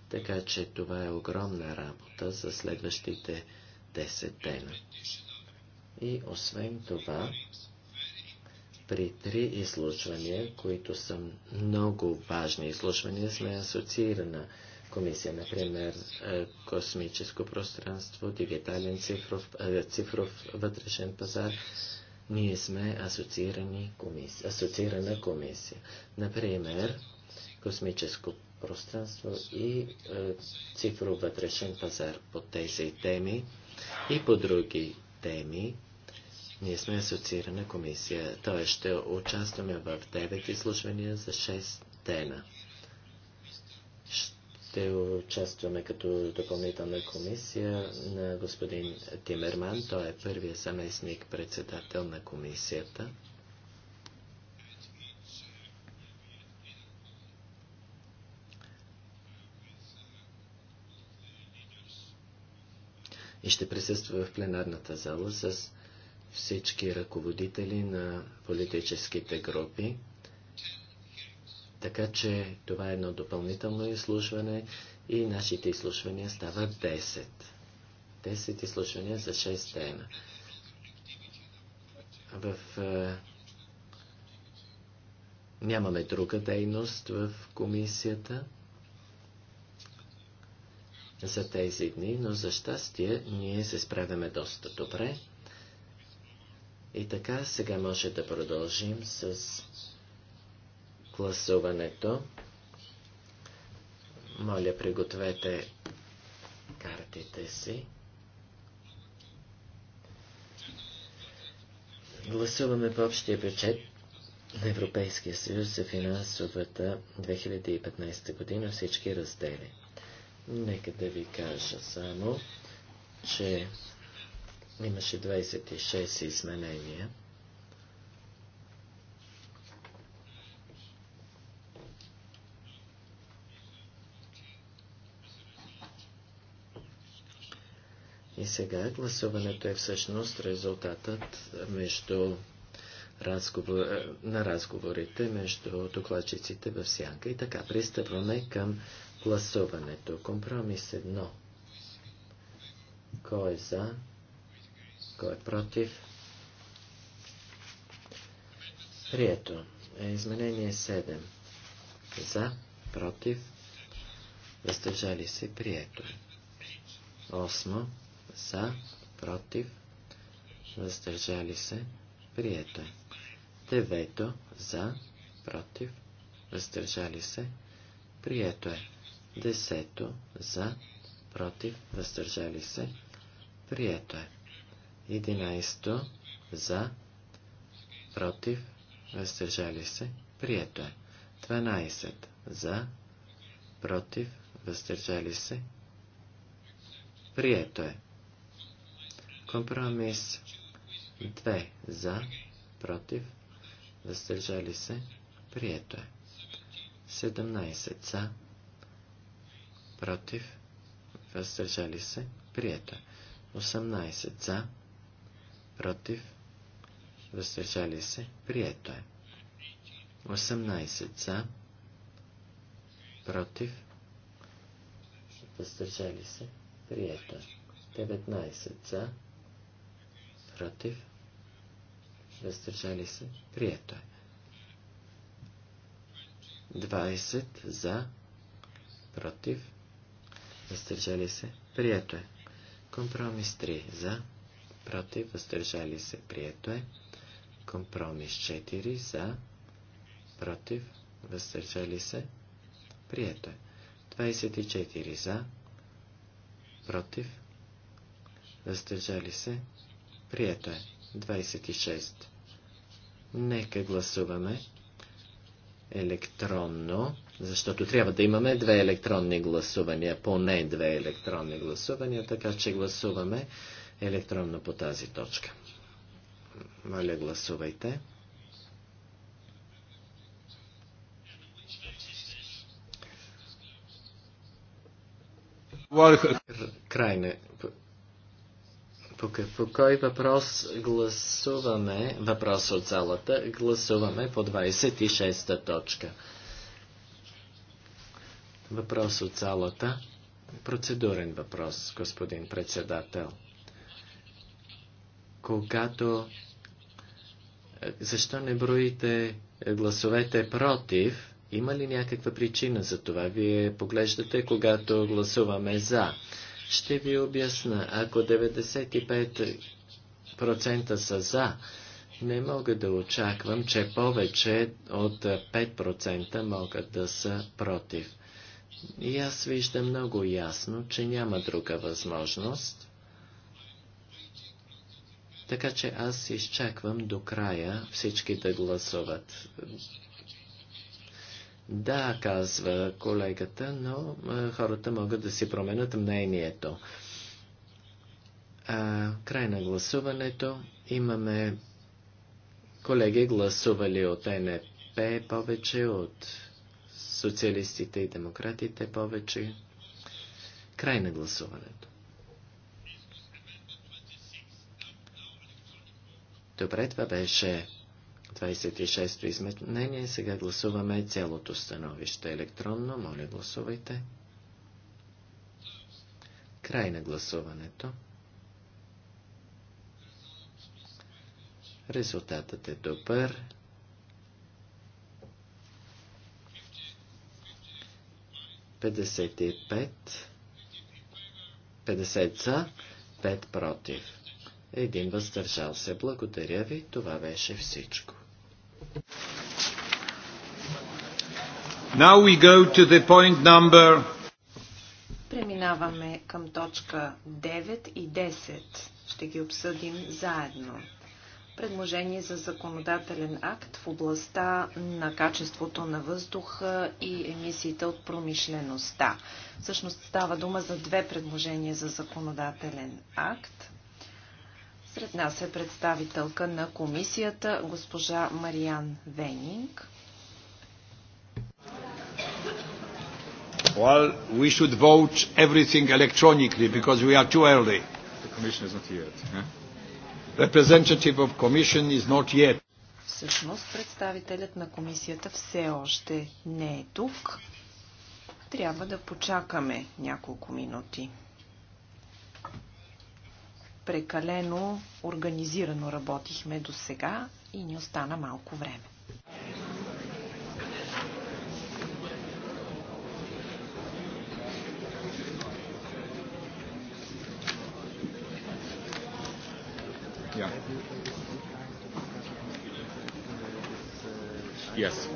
Така че това е огромна работа за следващите 10 дена. И освен това, при три изслушвания, които са много важни изслушвания, сме асоциирана комисия, например е, космическо пространство, дигитален цифров, е, цифров вътрешен пазар, ние сме асоциирани комисия, асоциирана комисия. Например, космическо пространство и е, цифров вътрешен пазар по тези теми и по други теми. Ние сме асоциирана комисия, т.е. ще участваме в 9 изслушвания за 6 дена ще участваме като допълнителна комисия на господин Тимерман. Той е първият заместник председател на комисията. И ще присъства в пленарната зала с всички ръководители на политическите групи. Така че това е едно допълнително изслушване и нашите изслушвания стават 10. 10 изслушвания за 6 тема. В, е, нямаме друга дейност в комисията за тези дни, но за щастие ние се справяме доста добре. И така сега може да продължим с гласуването. Моля, пригответе картите си. Гласуваме по общия бюджет на Европейския съюз за финансовата 2015 година всички раздели. Нека да ви кажа само, че имаше 26 изменения. И сега гласуването е всъщност резултатът между разговор, е, на разговорите между докладчиците в сянка. И така, пристъпваме към гласуването. Компромис едно. Кой е за? Кой е против? Прието е, изменение 7. За, против, въздържали се, прието. Осмо. За, против, въздържали се, прието е. Девето, за, против, въздържали се, прието е. Десето, за, против, въздържали се, прието е. Единайсто, за, против, въздържали се, прието е. 12. За, против, въздържали се, прието е. Компромис 2 за, против, въздържали се, прието е. 17 за, против, въздържали се, прието е. 18 за, против, въздържали се, прието е. 18 за, против, въздържали се, прието е. 19 за, против, въздържали се, прието е. 20 за, против, въздържали се, прието е. Компромис 3 за, против, въздържали се, прието е. Компромис 4 за, против, въздържали се, прието е. 24 за, против, въздържали се, Прието е. 26. Нека гласуваме електронно, защото трябва да имаме две електронни гласувания, поне две електронни гласувания, така че гласуваме електронно по тази точка. Моля, гласувайте. Край на по, е по кой въпрос гласуваме, въпрос от залата, гласуваме по 26-та точка. Въпрос от залата, процедурен въпрос, господин председател. Когато защо не броите гласовете против? Има ли някаква причина за това? Вие поглеждате, когато гласуваме за. Ще ви обясна, ако 95% са за, не мога да очаквам, че повече от 5% могат да са против. И аз виждам много ясно, че няма друга възможност. Така че аз изчаквам до края всички да гласуват. Да, казва колегата, но хората могат да си променят мнението. А, край на гласуването. Имаме колеги гласували от НП повече, от социалистите и демократите повече. Край на гласуването. Добре, това беше 26-то изменение. Сега гласуваме цялото становище електронно. Моля, гласувайте. Край на гласуването. Резултатът е добър. 55, 50 за, 5 против. Един въздържал се. Благодаря ви. Това беше всичко. Now we go to the point number... Преминаваме към точка 9 и 10. Ще ги обсъдим заедно. Предложение за законодателен акт в областта на качеството на въздуха и емисиите от промишлеността. Всъщност става дума за две предложения за законодателен акт. Сред нас е представителка на комисията, госпожа Мариан Венинг. Well, we should vote everything electronically because we are too early. The commission is not yet. Huh? Representative of commission is not yet. Всъщност представителят на комисията все още не е тук. Трябва да почакаме няколко минути прекалено организирано работихме до сега и ни остана малко време. Yeah. Yes.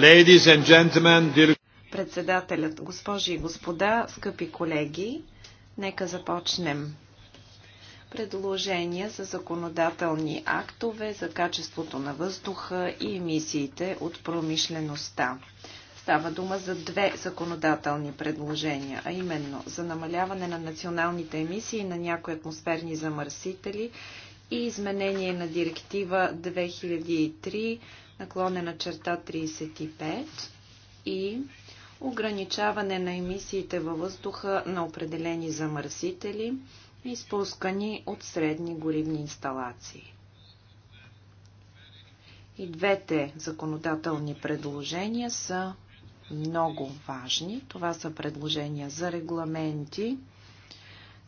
Ladies and gentlemen, dear... Председателят, госпожи и господа, скъпи колеги, нека започнем. Предложения за законодателни актове за качеството на въздуха и емисиите от промишлеността. Става дума за две законодателни предложения, а именно за намаляване на националните емисии на някои атмосферни замърсители и изменение на директива 2003 наклонена черта 35 и ограничаване на емисиите във въздуха на определени замърсители, изпускани от средни горивни инсталации. И двете законодателни предложения са много важни. Това са предложения за регламенти.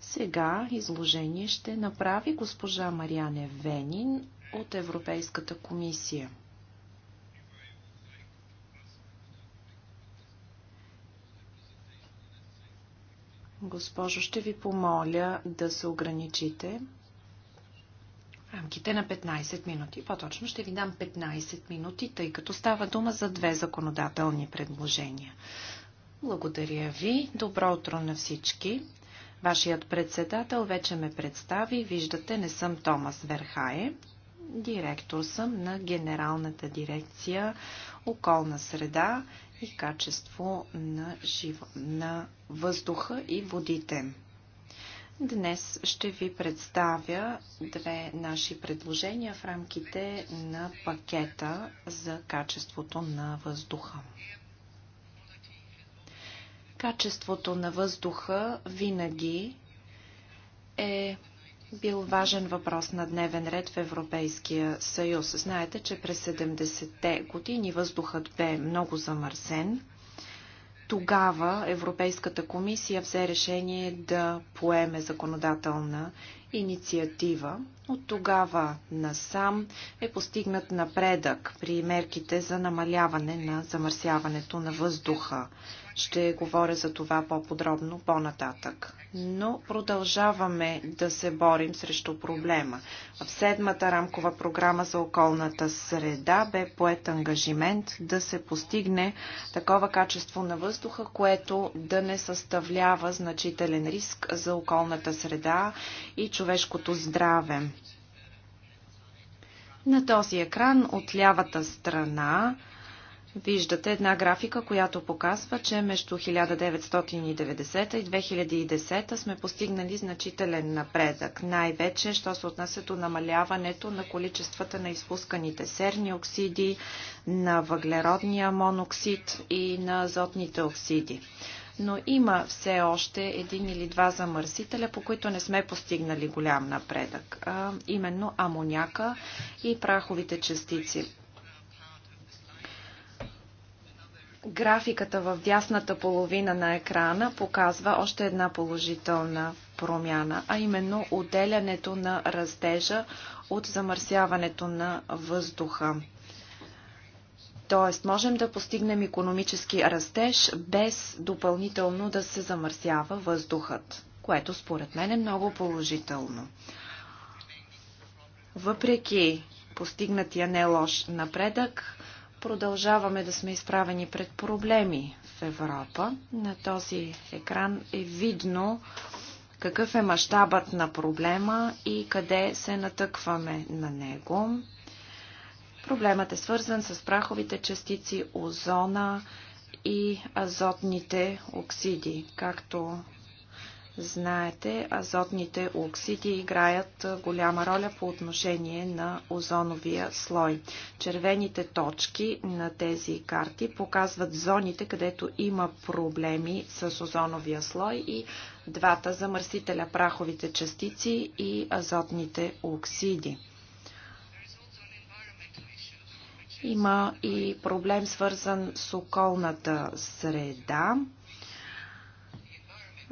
Сега изложение ще направи госпожа Марияне Венин от Европейската комисия. Госпожо, ще ви помоля да се ограничите в рамките на 15 минути. По-точно ще ви дам 15 минути, тъй като става дума за две законодателни предложения. Благодаря ви. Добро утро на всички. Вашият председател вече ме представи. Виждате, не съм Томас Верхае. Директор съм на Генералната дирекция околна среда и качество на, живо, на въздуха и водите. Днес ще ви представя две наши предложения в рамките на пакета за качеството на въздуха. Качеството на въздуха винаги е бил важен въпрос на дневен ред в Европейския съюз. Знаете, че през 70-те години въздухът бе много замърсен. Тогава Европейската комисия взе решение да поеме законодателна инициатива. От тогава насам е постигнат напредък при мерките за намаляване на замърсяването на въздуха. Ще говоря за това по-подробно по-нататък. Но продължаваме да се борим срещу проблема. В седмата рамкова програма за околната среда бе поет ангажимент да се постигне такова качество на въздуха, което да не съставлява значителен риск за околната среда и човешкото здраве. На този екран от лявата страна Виждате една графика, която показва, че между 1990 и 2010 сме постигнали значителен напредък. Най-вече, що се отнася до намаляването на количествата на изпусканите серни оксиди, на въглеродния моноксид и на азотните оксиди но има все още един или два замърсителя, по които не сме постигнали голям напредък, а именно амоняка и праховите частици. Графиката в дясната половина на екрана показва още една положителна промяна, а именно отделянето на растежа от замърсяването на въздуха. Тоест, можем да постигнем економически растеж без допълнително да се замърсява въздухът, което според мен е много положително. Въпреки постигнатия не лош напредък, Продължаваме да сме изправени пред проблеми в Европа. На този екран е видно какъв е мащабът на проблема и къде се натъкваме на него. Проблемът е свързан с праховите частици, озона и азотните оксиди. Както Знаете, азотните оксиди играят голяма роля по отношение на озоновия слой. Червените точки на тези карти показват зоните, където има проблеми с озоновия слой и двата замърсителя праховите частици и азотните оксиди. Има и проблем свързан с околната среда.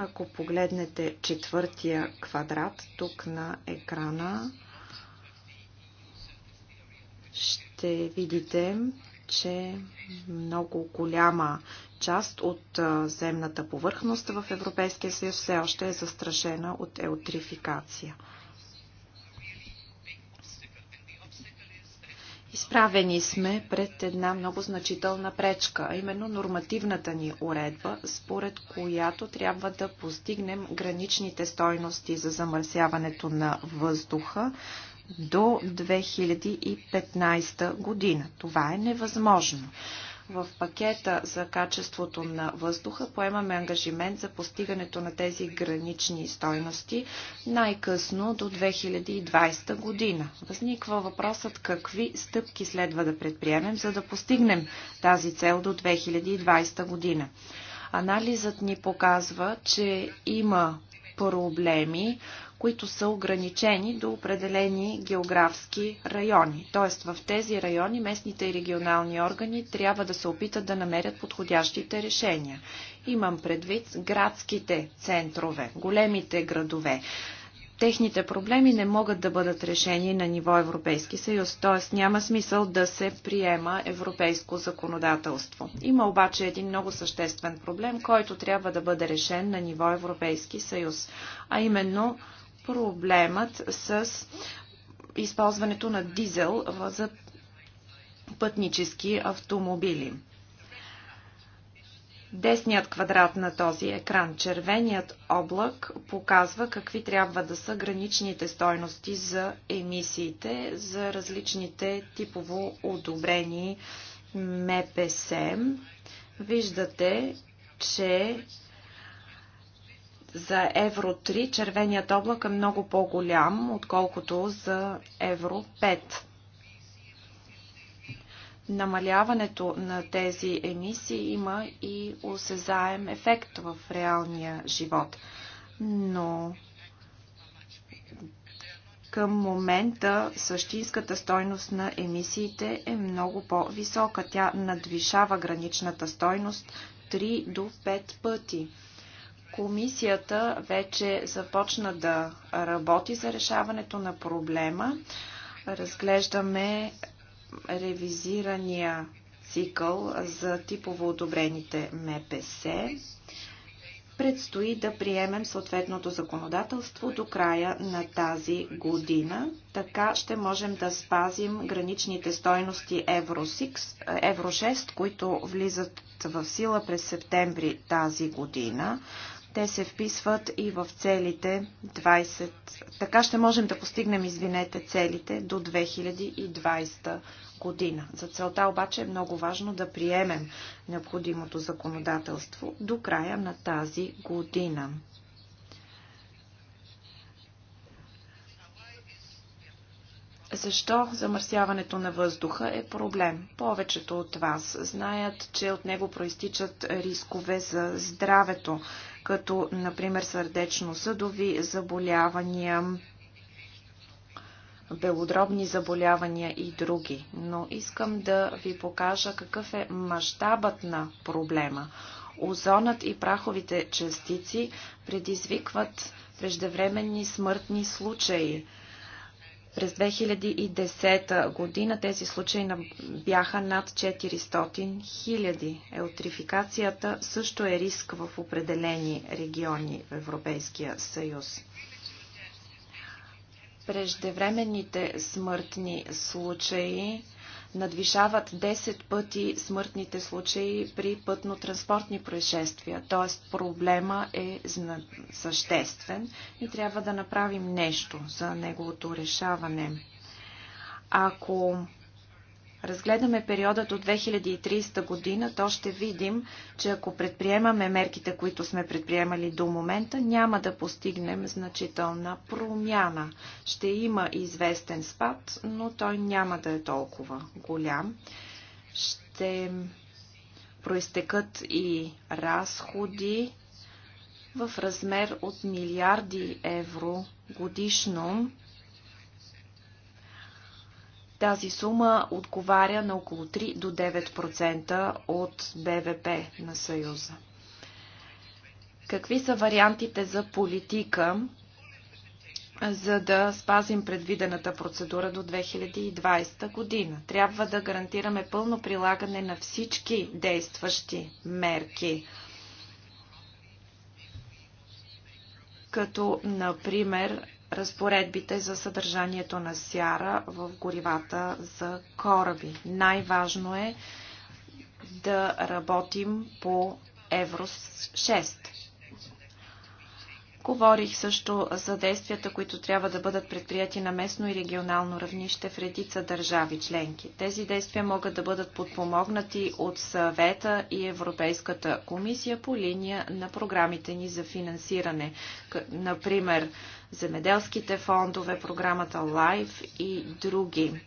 Ако погледнете четвъртия квадрат тук на екрана, ще видите, че много голяма част от земната повърхност в Европейския съюз все още е застрашена от еутрификация. Изправени сме пред една много значителна пречка, а именно нормативната ни уредба, според която трябва да постигнем граничните стойности за замърсяването на въздуха до 2015 година. Това е невъзможно. В пакета за качеството на въздуха поемаме ангажимент за постигането на тези гранични стойности най-късно до 2020 година. Възниква въпросът какви стъпки следва да предприемем, за да постигнем тази цел до 2020 година. Анализът ни показва, че има проблеми, които са ограничени до определени географски райони. Тоест в тези райони местните и регионални органи трябва да се опитат да намерят подходящите решения. Имам предвид градските центрове, големите градове техните проблеми не могат да бъдат решени на ниво Европейски съюз, т.е. няма смисъл да се приема европейско законодателство. Има обаче един много съществен проблем, който трябва да бъде решен на ниво Европейски съюз, а именно проблемът с използването на дизел за пътнически автомобили. Десният квадрат на този екран, червеният облак, показва какви трябва да са граничните стойности за емисиите за различните типово одобрени МПС. Виждате, че за Евро 3 червеният облак е много по-голям, отколкото за Евро 5. Намаляването на тези емисии има и осезаем ефект в реалния живот. Но към момента същинската стойност на емисиите е много по-висока. Тя надвишава граничната стойност 3 до 5 пъти. Комисията вече започна да работи за решаването на проблема. Разглеждаме ревизирания цикъл за типово одобрените МПС. Предстои да приемем съответното законодателство до края на тази година. Така ще можем да спазим граничните стойности Евро, 6, Евро 6, които влизат в сила през септември тази година. Те се вписват и в целите 20. Така ще можем да постигнем, извинете, целите до 2020 година. За целта обаче е много важно да приемем необходимото законодателство до края на тази година. Защо замърсяването на въздуха е проблем? Повечето от вас знаят, че от него проистичат рискове за здравето като например сърдечно-съдови заболявания, белодробни заболявания и други. Но искам да ви покажа какъв е мащабът на проблема. Озонът и праховите частици предизвикват преждевременни смъртни случаи – през 2010 година тези случаи бяха над 400 хиляди. Елтрификацията също е риск в определени региони в Европейския съюз. Преждевременните смъртни случаи надвишават 10 пъти смъртните случаи при пътно-транспортни происшествия. Т.е. проблема е съществен и трябва да направим нещо за неговото решаване. Ако разгледаме периода до 2030 година, то ще видим, че ако предприемаме мерките, които сме предприемали до момента, няма да постигнем значителна промяна. Ще има известен спад, но той няма да е толкова голям. Ще проистекат и разходи в размер от милиарди евро годишно тази сума отговаря на около 3 до 9% от БВП на Съюза. Какви са вариантите за политика, за да спазим предвидената процедура до 2020 година? Трябва да гарантираме пълно прилагане на всички действащи мерки, като, например, разпоредбите за съдържанието на сяра в горивата за кораби. Най-важно е да работим по Евро 6. Говорих също за действията, които трябва да бъдат предприяти на местно и регионално равнище в редица държави членки. Тези действия могат да бъдат подпомогнати от съвета и Европейската комисия по линия на програмите ни за финансиране. Например, земеделските фондове, програмата LIFE и други.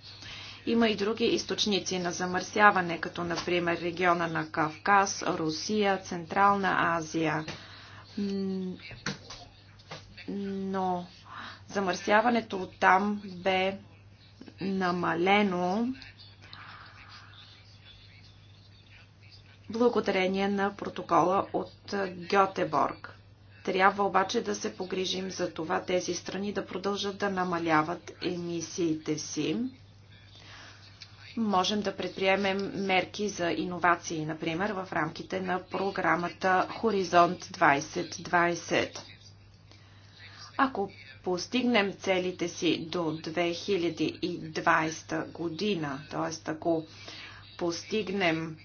Има и други източници на замърсяване, като например региона на Кавказ, Русия, Централна Азия. Но замърсяването от там бе намалено благодарение на протокола от Гьотеборг. Трябва обаче да се погрижим за това тези страни да продължат да намаляват емисиите си. Можем да предприемем мерки за иновации, например, в рамките на програмата Хоризонт 2020. Ако постигнем целите си до 2020 година, т.е. ако постигнем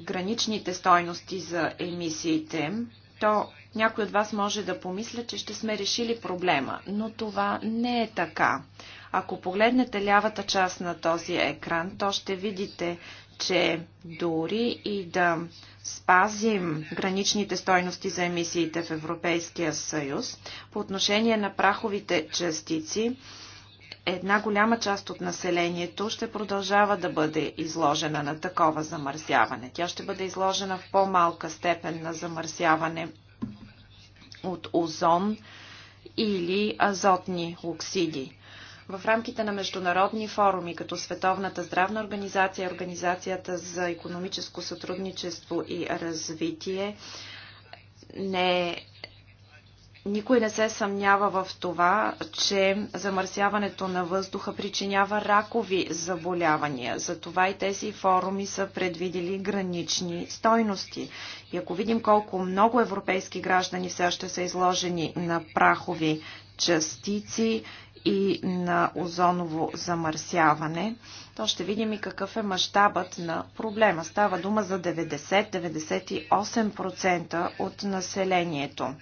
граничните стойности за емисиите, то някой от вас може да помисля, че ще сме решили проблема, но това не е така. Ако погледнете лявата част на този екран, то ще видите, че дори и да спазим граничните стойности за емисиите в Европейския съюз, по отношение на праховите частици, една голяма част от населението ще продължава да бъде изложена на такова замърсяване. Тя ще бъде изложена в по-малка степен на замърсяване от озон или азотни оксиди. В рамките на международни форуми, като Световната здравна организация, Организацията за економическо сътрудничество и развитие, не е никой не се съмнява в това, че замърсяването на въздуха причинява ракови заболявания. Затова и тези форуми са предвидели гранични стойности. И ако видим колко много европейски граждани все още са изложени на прахови частици и на озоново замърсяване, то ще видим и какъв е мащабът на проблема. Става дума за 90-98% от населението.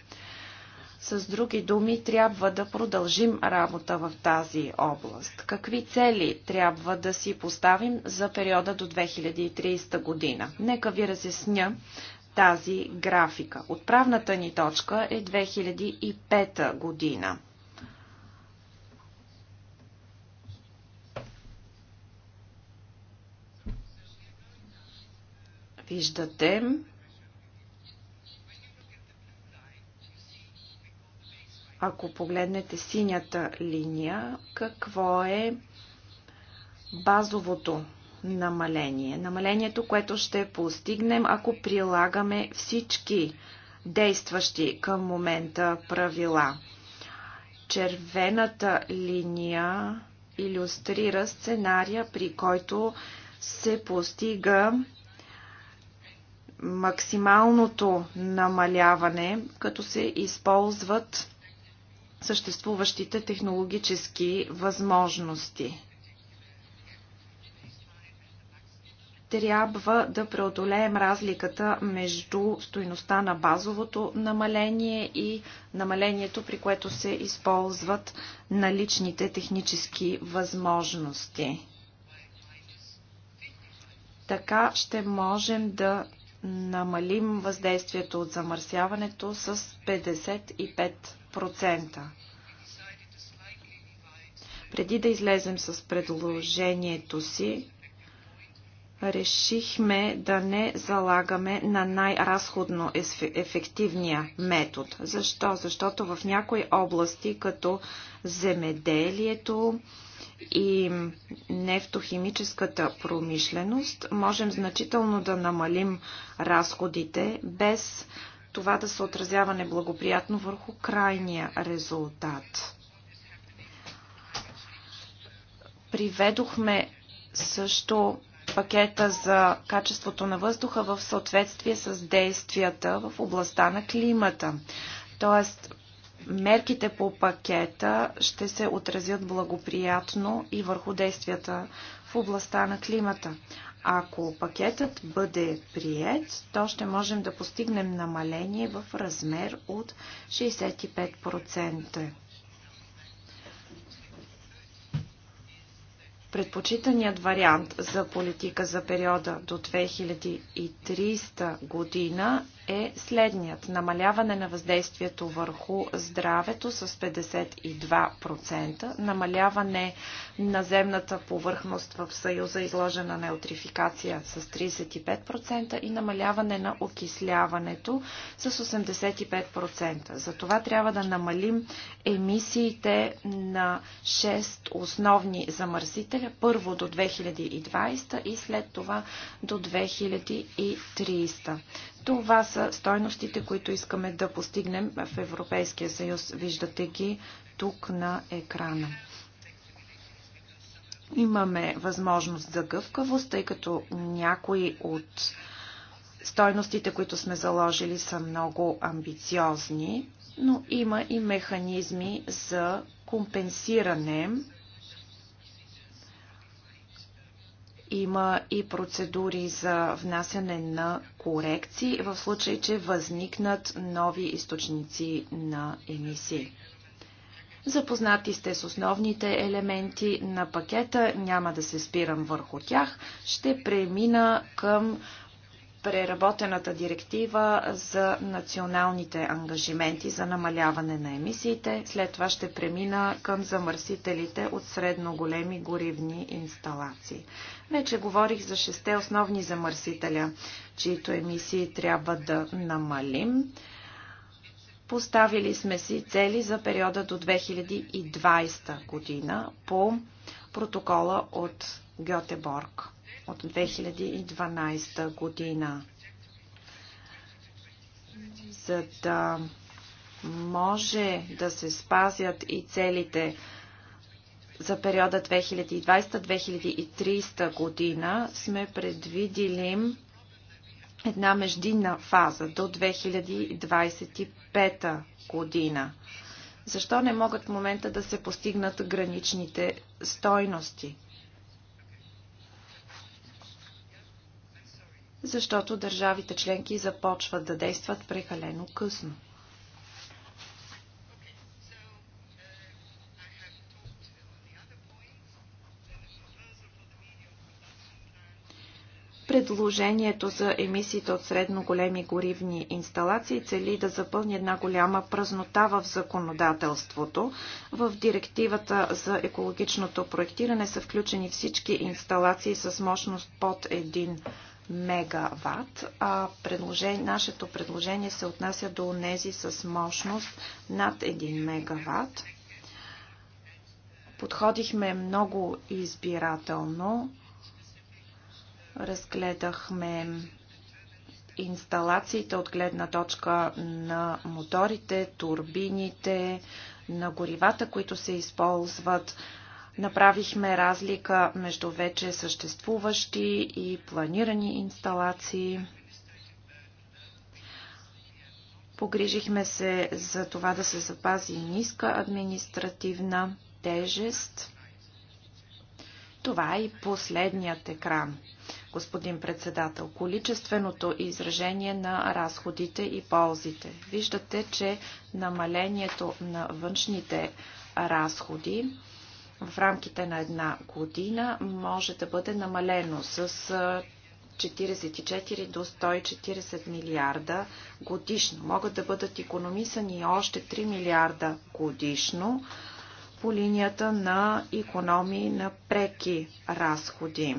С други думи, трябва да продължим работа в тази област. Какви цели трябва да си поставим за периода до 2030 година? Нека ви разясня тази графика. Отправната ни точка е 2005 година. Виждате, Ако погледнете синята линия, какво е базовото намаление? Намалението, което ще постигнем, ако прилагаме всички действащи към момента правила. Червената линия иллюстрира сценария, при който се постига максималното намаляване, като се използват съществуващите технологически възможности. трябва да преодолеем разликата между стоиността на базовото намаление и намалението, при което се използват наличните технически възможности. Така ще можем да намалим въздействието от замърсяването с 55 5%. Преди да излезем с предложението си, решихме да не залагаме на най-разходно ефективния метод. Защо? Защото в някои области, като земеделието и нефтохимическата промишленост, можем значително да намалим разходите без това да се отразява неблагоприятно върху крайния резултат. Приведохме също пакета за качеството на въздуха в съответствие с действията в областта на климата. Тоест, мерките по пакета ще се отразят благоприятно и върху действията в областта на климата. Ако пакетът бъде прият, то ще можем да постигнем намаление в размер от 65%. Предпочитаният вариант за политика за периода до 2300 година е следният. Намаляване на въздействието върху здравето с 52%, намаляване на земната повърхност в Съюза, изложена на еутрификация с 35% и намаляване на окисляването с 85%. Затова трябва да намалим емисиите на 6 основни замърсителя, първо до 2020 и след това до 2030. Това са стойностите, които искаме да постигнем в Европейския съюз. Виждате ги тук на екрана. Имаме възможност за гъвкавост, тъй като някои от стойностите, които сме заложили, са много амбициозни, но има и механизми за компенсиране има и процедури за внасяне на корекции в случай, че възникнат нови източници на емисии. Запознати сте с основните елементи на пакета, няма да се спирам върху тях. Ще премина към преработената директива за националните ангажименти за намаляване на емисиите. След това ще премина към замърсителите от средно големи горивни инсталации. Вече говорих за шесте основни замърсителя, чието емисии трябва да намалим. Поставили сме си цели за периода до 2020 година по протокола от Гьотеборг от 2012 година. За да може да се спазят и целите за периода 2020-2030 година, сме предвидили една междинна фаза до 2025 година. Защо не могат в момента да се постигнат граничните стойности? защото държавите членки започват да действат прекалено късно. Предложението за емисиите от средно големи горивни инсталации цели да запълни една голяма празнота в законодателството. В директивата за екологичното проектиране са включени всички инсталации с мощност под 1 мегаватт, а предложение, нашето предложение се отнася до нези с мощност над 1 мегаватт. Подходихме много избирателно. Разгледахме инсталациите от гледна точка на моторите, турбините, на горивата, които се използват, Направихме разлика между вече съществуващи и планирани инсталации. Погрижихме се за това да се запази ниска административна тежест. Това е и последният екран, господин председател. Количественото изражение на разходите и ползите. Виждате, че намалението на външните разходи в рамките на една година може да бъде намалено с 44 до 140 милиарда годишно. Могат да бъдат економисани още 3 милиарда годишно по линията на економии на преки разходи.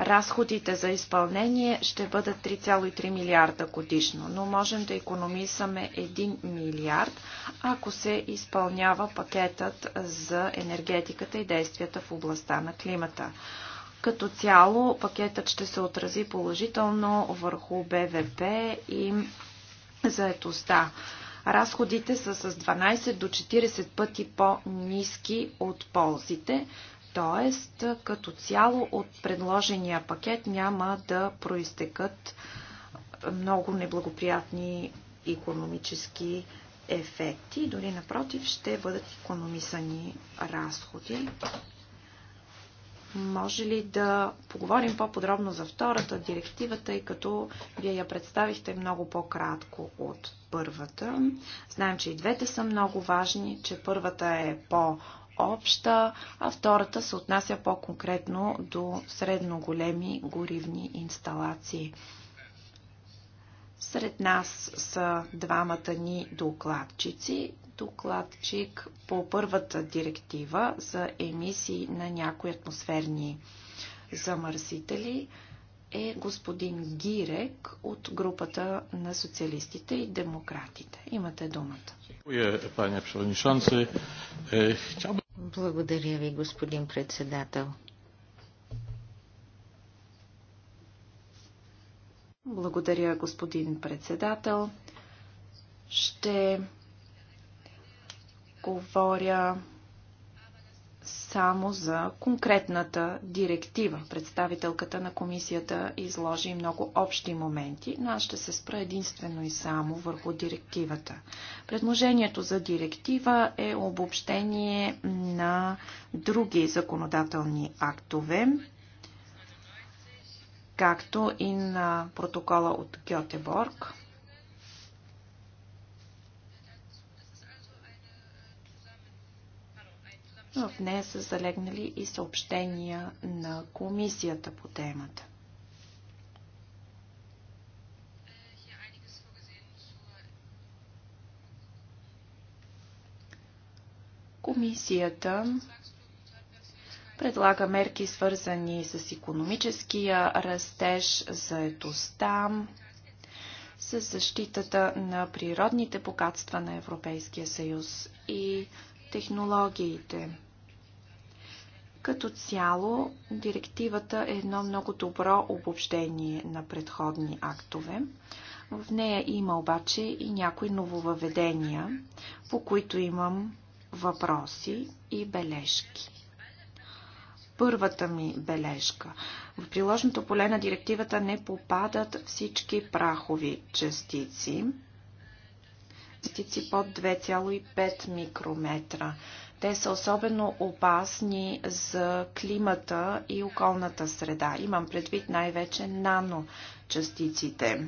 Разходите за изпълнение ще бъдат 3,3 милиарда годишно, но можем да економисаме 1 милиард, ако се изпълнява пакетът за енергетиката и действията в областта на климата. Като цяло пакетът ще се отрази положително върху БВП и заетостта. Разходите са с 12 до 40 пъти по-низки от ползите, Тоест, като цяло от предложения пакет няма да проистекат много неблагоприятни економически ефекти, дори напротив ще бъдат економисани разходи. Може ли да поговорим по-подробно за втората директива, тъй като вие я представихте много по-кратко от първата. Знаем, че и двете са много важни, че първата е по- обща а втората се отнася по-конкретно до средно големи горивни инсталации. Сред нас са двамата ни докладчици. Докладчик по първата директива за емисии на някои атмосферни замърсители е господин Гирек от групата на социалистите и демократите. Имате думата. Благодаря ви, господин председател. Благодаря, господин председател. Ще говоря само за конкретната директива. Представителката на комисията изложи много общи моменти, но аз ще се спра единствено и само върху директивата. Предложението за директива е обобщение на други законодателни актове, както и на протокола от Гьотеборг. В нея са залегнали и съобщения на комисията по темата. Комисията предлага мерки свързани с економическия растеж, заедостта, с защитата на природните богатства на Европейския съюз и технологиите. Като цяло, директивата е едно много добро обобщение на предходни актове. В нея има обаче и някои нововъведения, по които имам въпроси и бележки. Първата ми бележка. В приложното поле на директивата не попадат всички прахови частици частици под 2,5 микрометра. Те са особено опасни за климата и околната среда. Имам предвид най-вече наночастиците.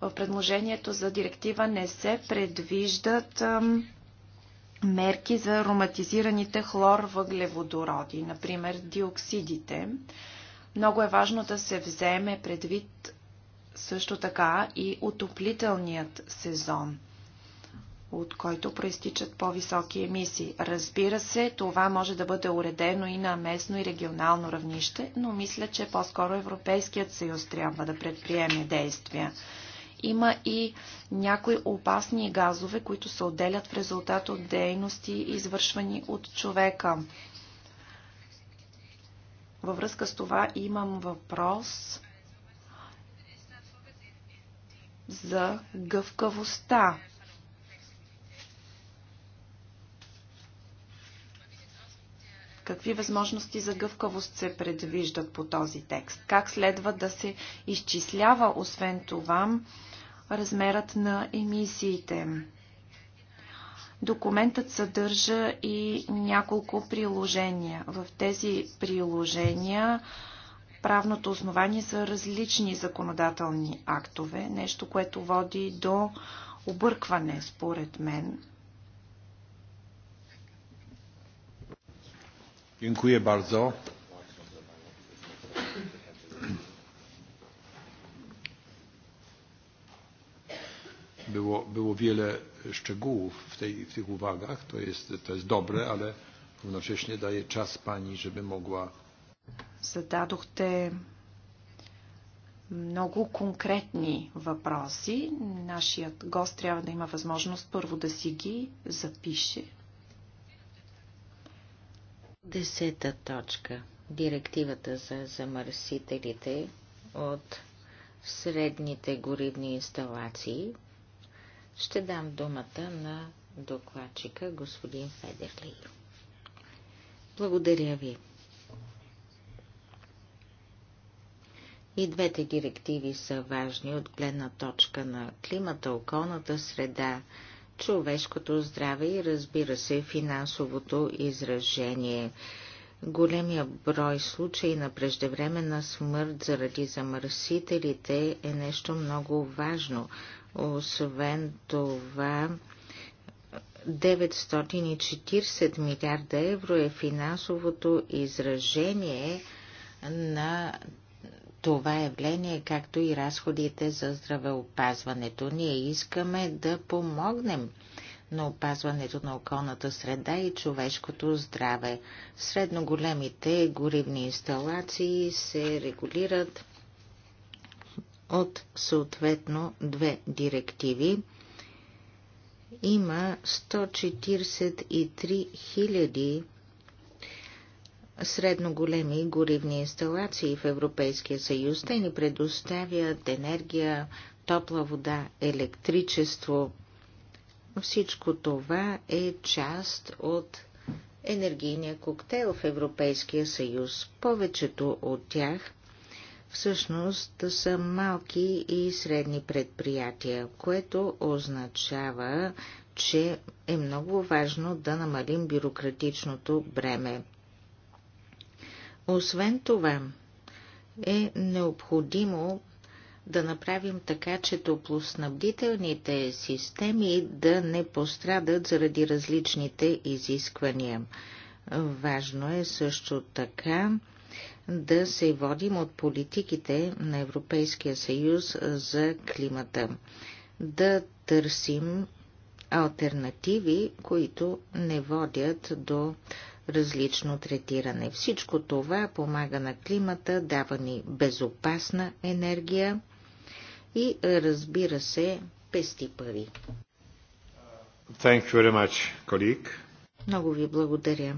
В предложението за директива не се предвиждат мерки за ароматизираните хлорвъглеводороди, например диоксидите. Много е важно да се вземе предвид също така и отоплителният сезон от който проистичат по-високи емисии. Разбира се, това може да бъде уредено и на местно и регионално равнище, но мисля, че по-скоро Европейският съюз трябва да предприеме действия. Има и някои опасни газове, които се отделят в резултат от дейности, извършвани от човека. Във връзка с това имам въпрос за гъвкавостта Какви възможности за гъвкавост се предвиждат по този текст? Как следва да се изчислява, освен това, размерът на емисиите? Документът съдържа и няколко приложения. В тези приложения правното основание са различни законодателни актове, нещо, което води до объркване, според мен. Dziękuję bardzo. Było, było wiele szczegółów w, tej, w tych uwagach. To jest, to jest dobre, ale równocześnie daję czas pani, żeby mogła. Зададохте много конкретни въпроси. Нашият гост трябва да има възможност първо да си ги запише, Десета точка. Директивата за замърсителите от средните горивни инсталации. Ще дам думата на докладчика господин Федерли. Благодаря ви. И двете директиви са важни от гледна точка на климата, околната среда, човешкото здраве и разбира се финансовото изражение. Големия брой случаи на преждевременна смърт заради замърсителите е нещо много важно. Освен това, 940 милиарда евро е финансовото изражение на това е явление, както и разходите за здравеопазването. Ние искаме да помогнем на опазването на околната среда и човешкото здраве. Средно големите горивни инсталации се регулират от съответно две директиви. Има 143 000 средно големи горивни инсталации в Европейския съюз. Те ни предоставят енергия, топла вода, електричество. Всичко това е част от енергийния коктейл в Европейския съюз. Повечето от тях всъщност са малки и средни предприятия, което означава, че е много важно да намалим бюрократичното бреме. Освен това е необходимо да направим така, че топлоснабдителните системи да не пострадат заради различните изисквания. Важно е също така да се водим от политиките на Европейския съюз за климата. Да търсим альтернативи, които не водят до различно третиране. Всичко това помага на климата, дава ни безопасна енергия и разбира се, пести пари. Thank you very much, colleague. Много ви благодаря.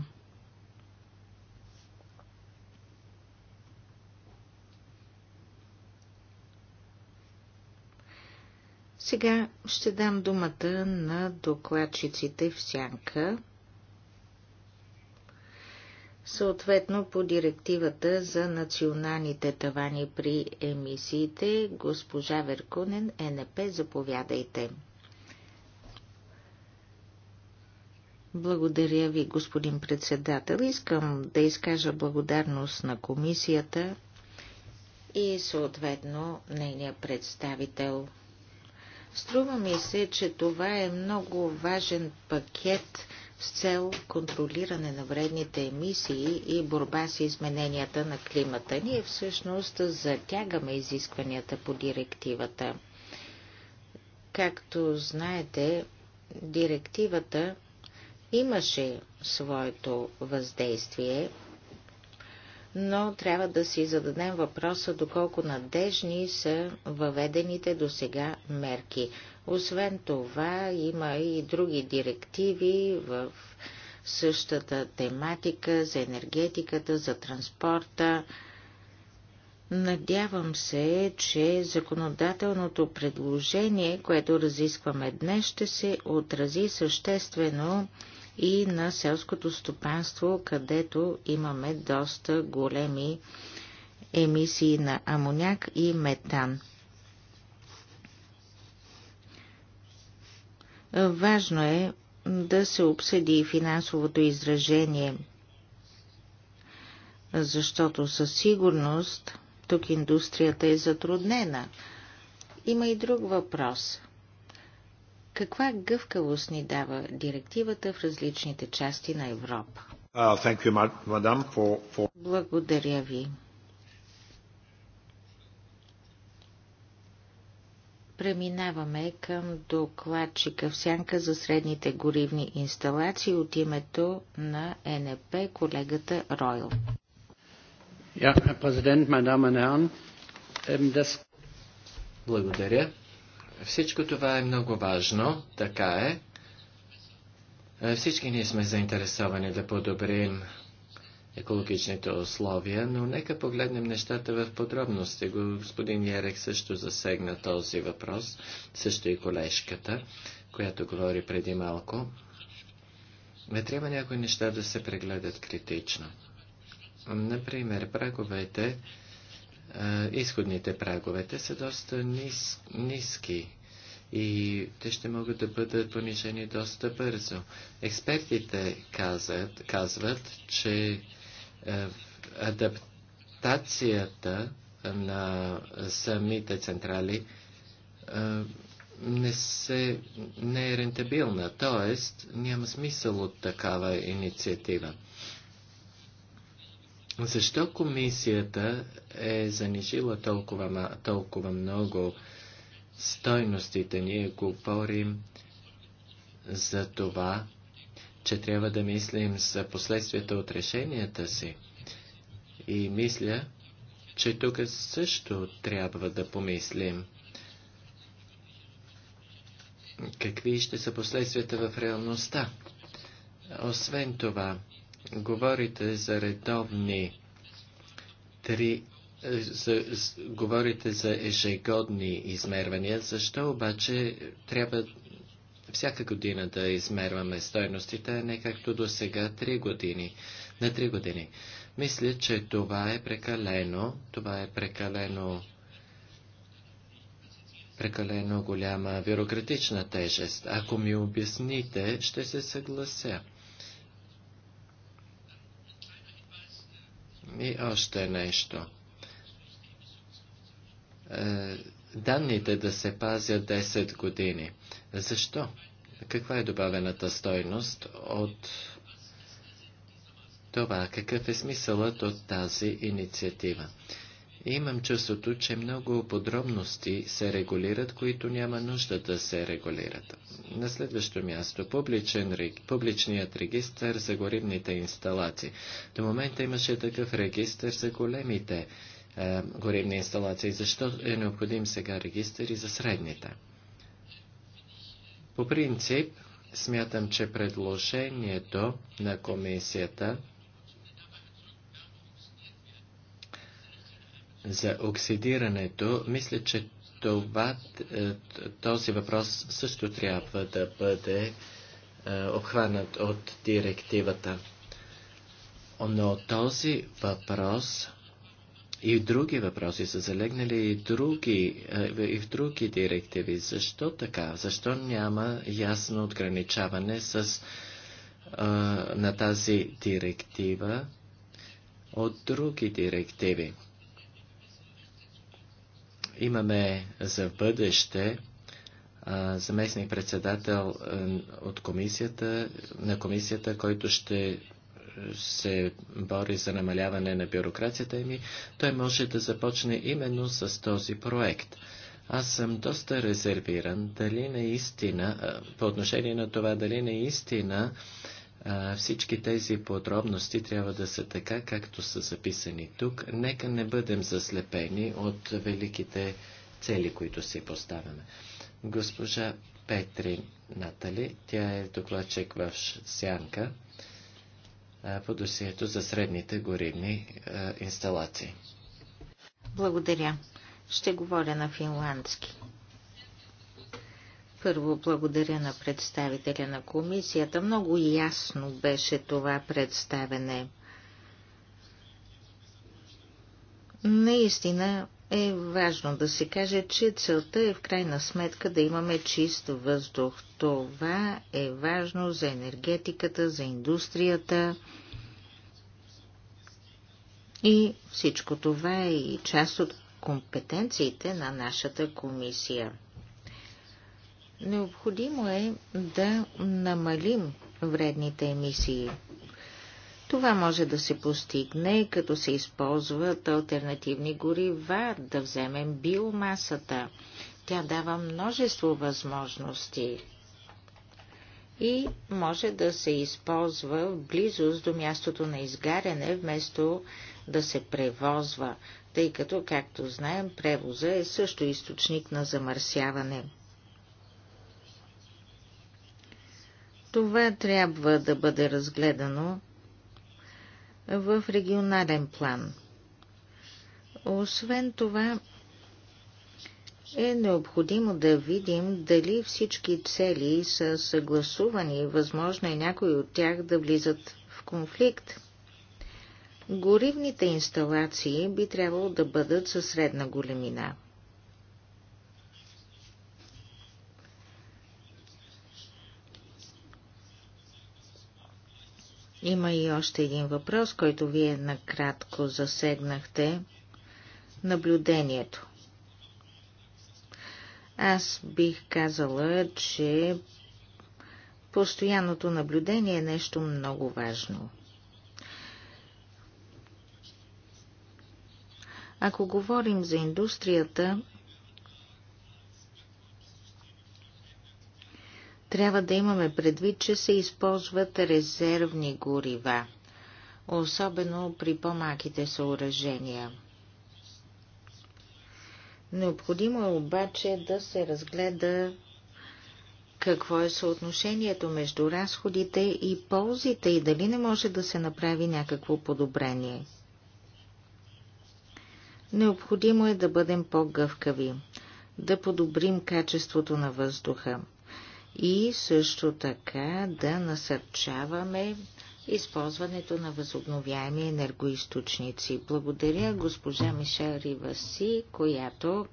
Сега ще дам думата на докладчиците в сянка. Съответно по директивата за националните тавани при емисиите, госпожа Веркунен, НП, заповядайте. Благодаря ви, господин председател. Искам да изкажа благодарност на комисията и съответно нейния представител. Струва ми се, че това е много важен пакет с цел контролиране на вредните емисии и борба с измененията на климата. Ние всъщност затягаме изискванията по директивата. Както знаете, директивата имаше своето въздействие но трябва да си зададем въпроса доколко надежни са въведените до сега мерки. Освен това, има и други директиви в същата тематика за енергетиката, за транспорта. Надявам се, че законодателното предложение, което разискваме днес, ще се отрази съществено и на селското стопанство, където имаме доста големи емисии на амоняк и метан. Важно е да се обсъди и финансовото изражение, защото със сигурност тук индустрията е затруднена. Има и друг въпрос – каква гъвкавост ни дава директивата в различните части на Европа? Uh, you, for, for... Благодаря ви. Преминаваме към докладчика в сянка за средните горивни инсталации от името на НП, колегата Ройл. Yeah, ähm, Благодаря. Всичко това е много важно, така е. е. Всички ние сме заинтересовани да подобрим екологичните условия, но нека погледнем нещата в подробности. Господин Ярек също засегна този въпрос, също и колежката, която говори преди малко. Не трябва някои неща да се прегледат критично. Например, праговете изходните прагове. Те са доста нис, ниски и те ще могат да бъдат понижени доста бързо. Експертите казват, казват че адаптацията на самите централи не, се, не е рентабилна, т.е. няма смисъл от такава инициатива. Защо комисията е занижила толкова, толкова много стойностите? Ние говорим за това, че трябва да мислим за последствията от решенията си. И мисля, че тук също трябва да помислим какви ще са последствията в реалността. Освен това, Говорите за редовни три за, с, говорите за ежегодни измервания, защо обаче трябва всяка година да измерваме стойностите, а не както до сега три години, на три години. Мисля, че това е прекалено, това е прекалено прекалено голяма бюрократична тежест. Ако ми обясните, ще се съглася. И още нещо. Е, данните да се пазят 10 години. Защо? Каква е добавената стойност от това? Какъв е смисълът от тази инициатива? И имам чувството, че много подробности се регулират, които няма нужда да се регулират. На следващо място, публичен, публичният регистр за горивните инсталации. До момента имаше такъв регистр за големите е, горивни инсталации. Защо е необходим сега регистр и за средните? По принцип, смятам, че предложението на комисията за оксидирането, мисля, че това, е, този въпрос също трябва да бъде е, обхванат от директивата. Но този въпрос и други въпроси са залегнали и, други, е, и в други директиви. Защо така? Защо няма ясно отграничаване с, на тази директива от други директиви? Имаме за бъдеще заместник председател от комисията, на комисията, който ще се бори за намаляване на бюрокрацията ми, той може да започне именно с този проект. Аз съм доста резервиран дали наистина, по отношение на това, дали наистина всички тези подробности трябва да са така, както са записани тук. Нека не бъдем заслепени от великите цели, които си поставяме. Госпожа Петри Натали, тя е докладчик в Сянка по досието за средните горивни инсталации. Благодаря. Ще говоря на финландски. Първо благодаря на представителя на комисията. Много ясно беше това представене. Наистина е важно да се каже, че целта е в крайна сметка да имаме чист въздух. Това е важно за енергетиката, за индустрията. И всичко това е и част от компетенциите на нашата комисия. Необходимо е да намалим вредните емисии. Това може да се постигне, като се използват альтернативни горива, да вземем биомасата. Тя дава множество възможности и може да се използва в близост до мястото на изгаряне, вместо да се превозва, тъй като, както знаем, превоза е също източник на замърсяване. Това трябва да бъде разгледано в регионален план. Освен това, е необходимо да видим дали всички цели са съгласувани и възможно е някои от тях да влизат в конфликт. Горивните инсталации би трябвало да бъдат със средна големина – Има и още един въпрос, който вие накратко засегнахте. Наблюдението. Аз бих казала, че постоянното наблюдение е нещо много важно. Ако говорим за индустрията, трябва да имаме предвид, че се използват резервни горива, особено при по-малките съоръжения. Необходимо е обаче да се разгледа какво е съотношението между разходите и ползите и дали не може да се направи някакво подобрение. Необходимо е да бъдем по-гъвкави, да подобрим качеството на въздуха, и също така да насърчаваме използването на възобновяеми енергоисточници. Благодаря госпожа Мишел Риваси, която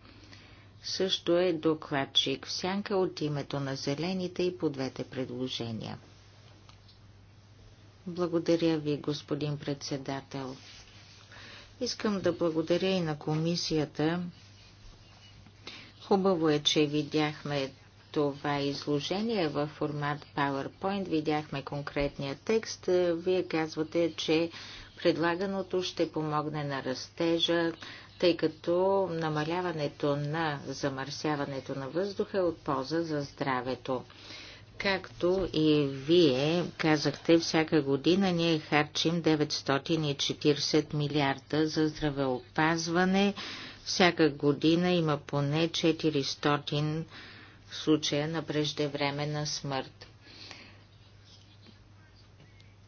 също е докладчик в сянка от името на зелените и по двете предложения. Благодаря ви, господин председател. Искам да благодаря и на комисията. Хубаво е, че видяхме това изложение в формат PowerPoint. Видяхме конкретния текст. Вие казвате, че предлаганото ще помогне на растежа, тъй като намаляването на замърсяването на въздуха е от полза за здравето. Както и вие казахте, всяка година ние харчим 940 милиарда за здравеопазване. Всяка година има поне 400 в случая на преждевременна смърт.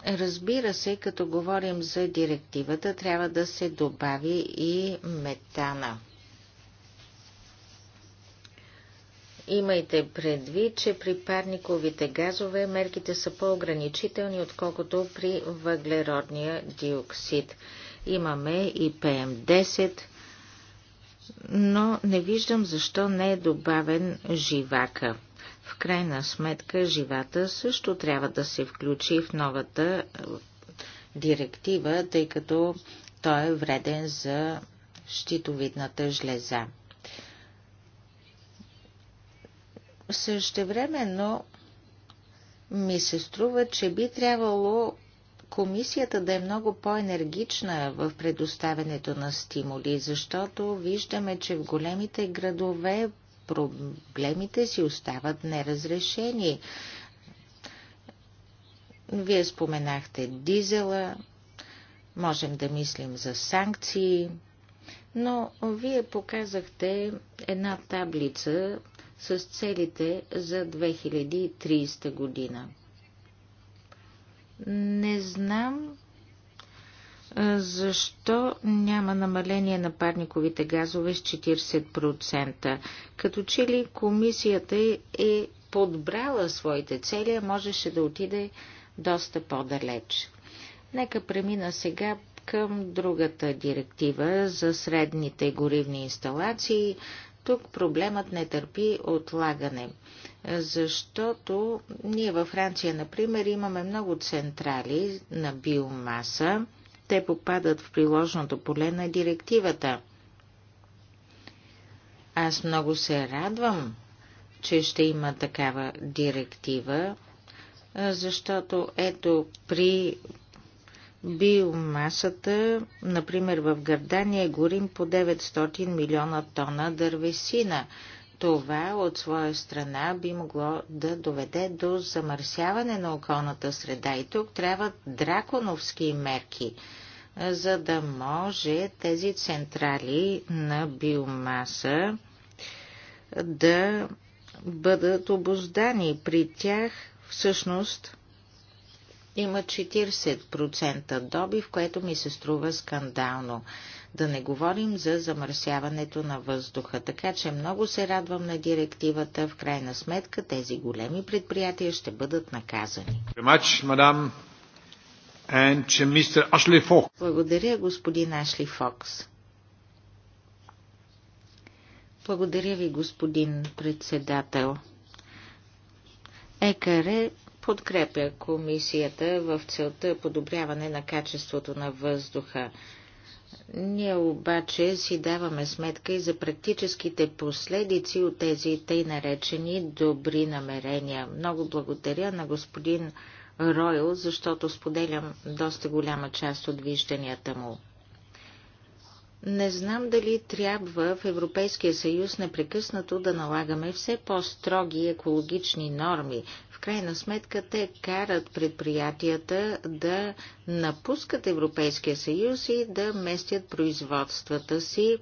Разбира се, като говорим за директивата, трябва да се добави и метана. Имайте предвид, че при парниковите газове мерките са по-ограничителни, отколкото при въглеродния диоксид. Имаме и ПМ-10, но не виждам защо не е добавен живака. В крайна сметка живата също трябва да се включи в новата е, директива, тъй като той е вреден за щитовидната жлеза. Същевременно ми се струва, че би трябвало комисията да е много по-енергична в предоставянето на стимули, защото виждаме, че в големите градове проблемите си остават неразрешени. Вие споменахте дизела, можем да мислим за санкции, но вие показахте една таблица с целите за 2030 година. Не знам защо няма намаление на парниковите газове с 40%. Като че ли комисията е подбрала своите цели, а можеше да отиде доста по-далеч. Нека премина сега към другата директива за средните горивни инсталации. Тук проблемът не търпи отлагане, защото ние във Франция, например, имаме много централи на биомаса. Те попадат в приложното поле на директивата. Аз много се радвам, че ще има такава директива, защото ето при Биомасата, например в Гърдания, горим по 900 милиона тона дървесина. Това от своя страна би могло да доведе до замърсяване на околната среда и тук трябват драконовски мерки, за да може тези централи на биомаса да бъдат обоздани. При тях всъщност има 40% добив, което ми се струва скандално. Да не говорим за замърсяването на въздуха. Така че много се радвам на директивата. В крайна сметка тези големи предприятия ще бъдат наказани. Благодаря, господин Ашли Фокс. Благодаря ви, господин председател. Екаре подкрепя комисията в целта подобряване на качеството на въздуха. Ние обаче си даваме сметка и за практическите последици от тези тъй наречени добри намерения. Много благодаря на господин Ройл, защото споделям доста голяма част от вижданията му. Не знам дали трябва в Европейския съюз непрекъснато да налагаме все по-строги екологични норми. В крайна сметка те карат предприятията да напускат Европейския съюз и да местят производствата си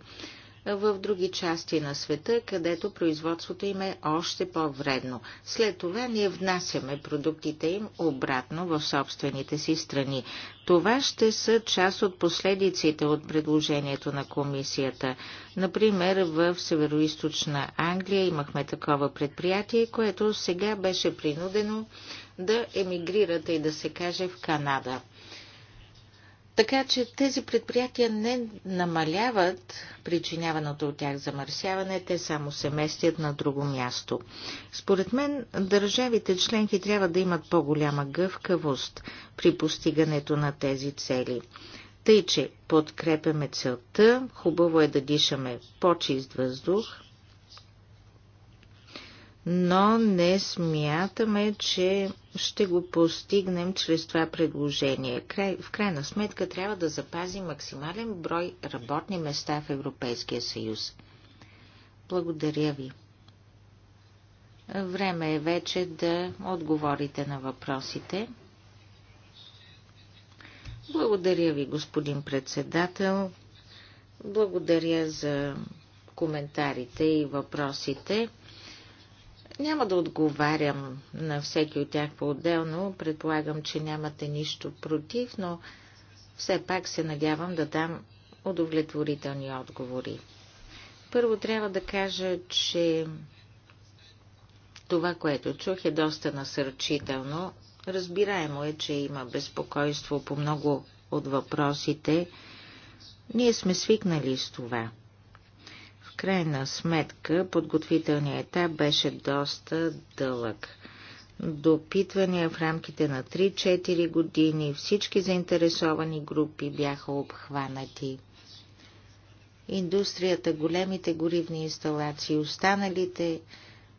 в други части на света, където производството им е още по-вредно. След това ние внасяме продуктите им обратно в собствените си страни. Това ще са част от последиците от предложението на комисията. Например, в Североизточна Англия имахме такова предприятие, което сега беше принудено да емигрира, и да се каже, в Канада. Така че тези предприятия не намаляват причиняваното от тях замърсяване, те само се местят на друго място. Според мен, държавите членки трябва да имат по-голяма гъвкавост при постигането на тези цели. Тъй, че подкрепяме целта, хубаво е да дишаме по-чист въздух, но не смятаме, че ще го постигнем чрез това предложение. В крайна сметка трябва да запази максимален брой работни места в Европейския съюз. Благодаря ви. Време е вече да отговорите на въпросите. Благодаря ви, господин председател. Благодаря за коментарите и въпросите. Няма да отговарям на всеки от тях по-отделно. Предполагам, че нямате нищо против, но все пак се надявам да дам удовлетворителни отговори. Първо трябва да кажа, че това, което чух е доста насърчително. Разбираемо е, че има безпокойство по много от въпросите. Ние сме свикнали с това крайна сметка подготвителният етап беше доста дълъг. Допитвания в рамките на 3-4 години всички заинтересовани групи бяха обхванати. Индустрията, големите горивни инсталации, останалите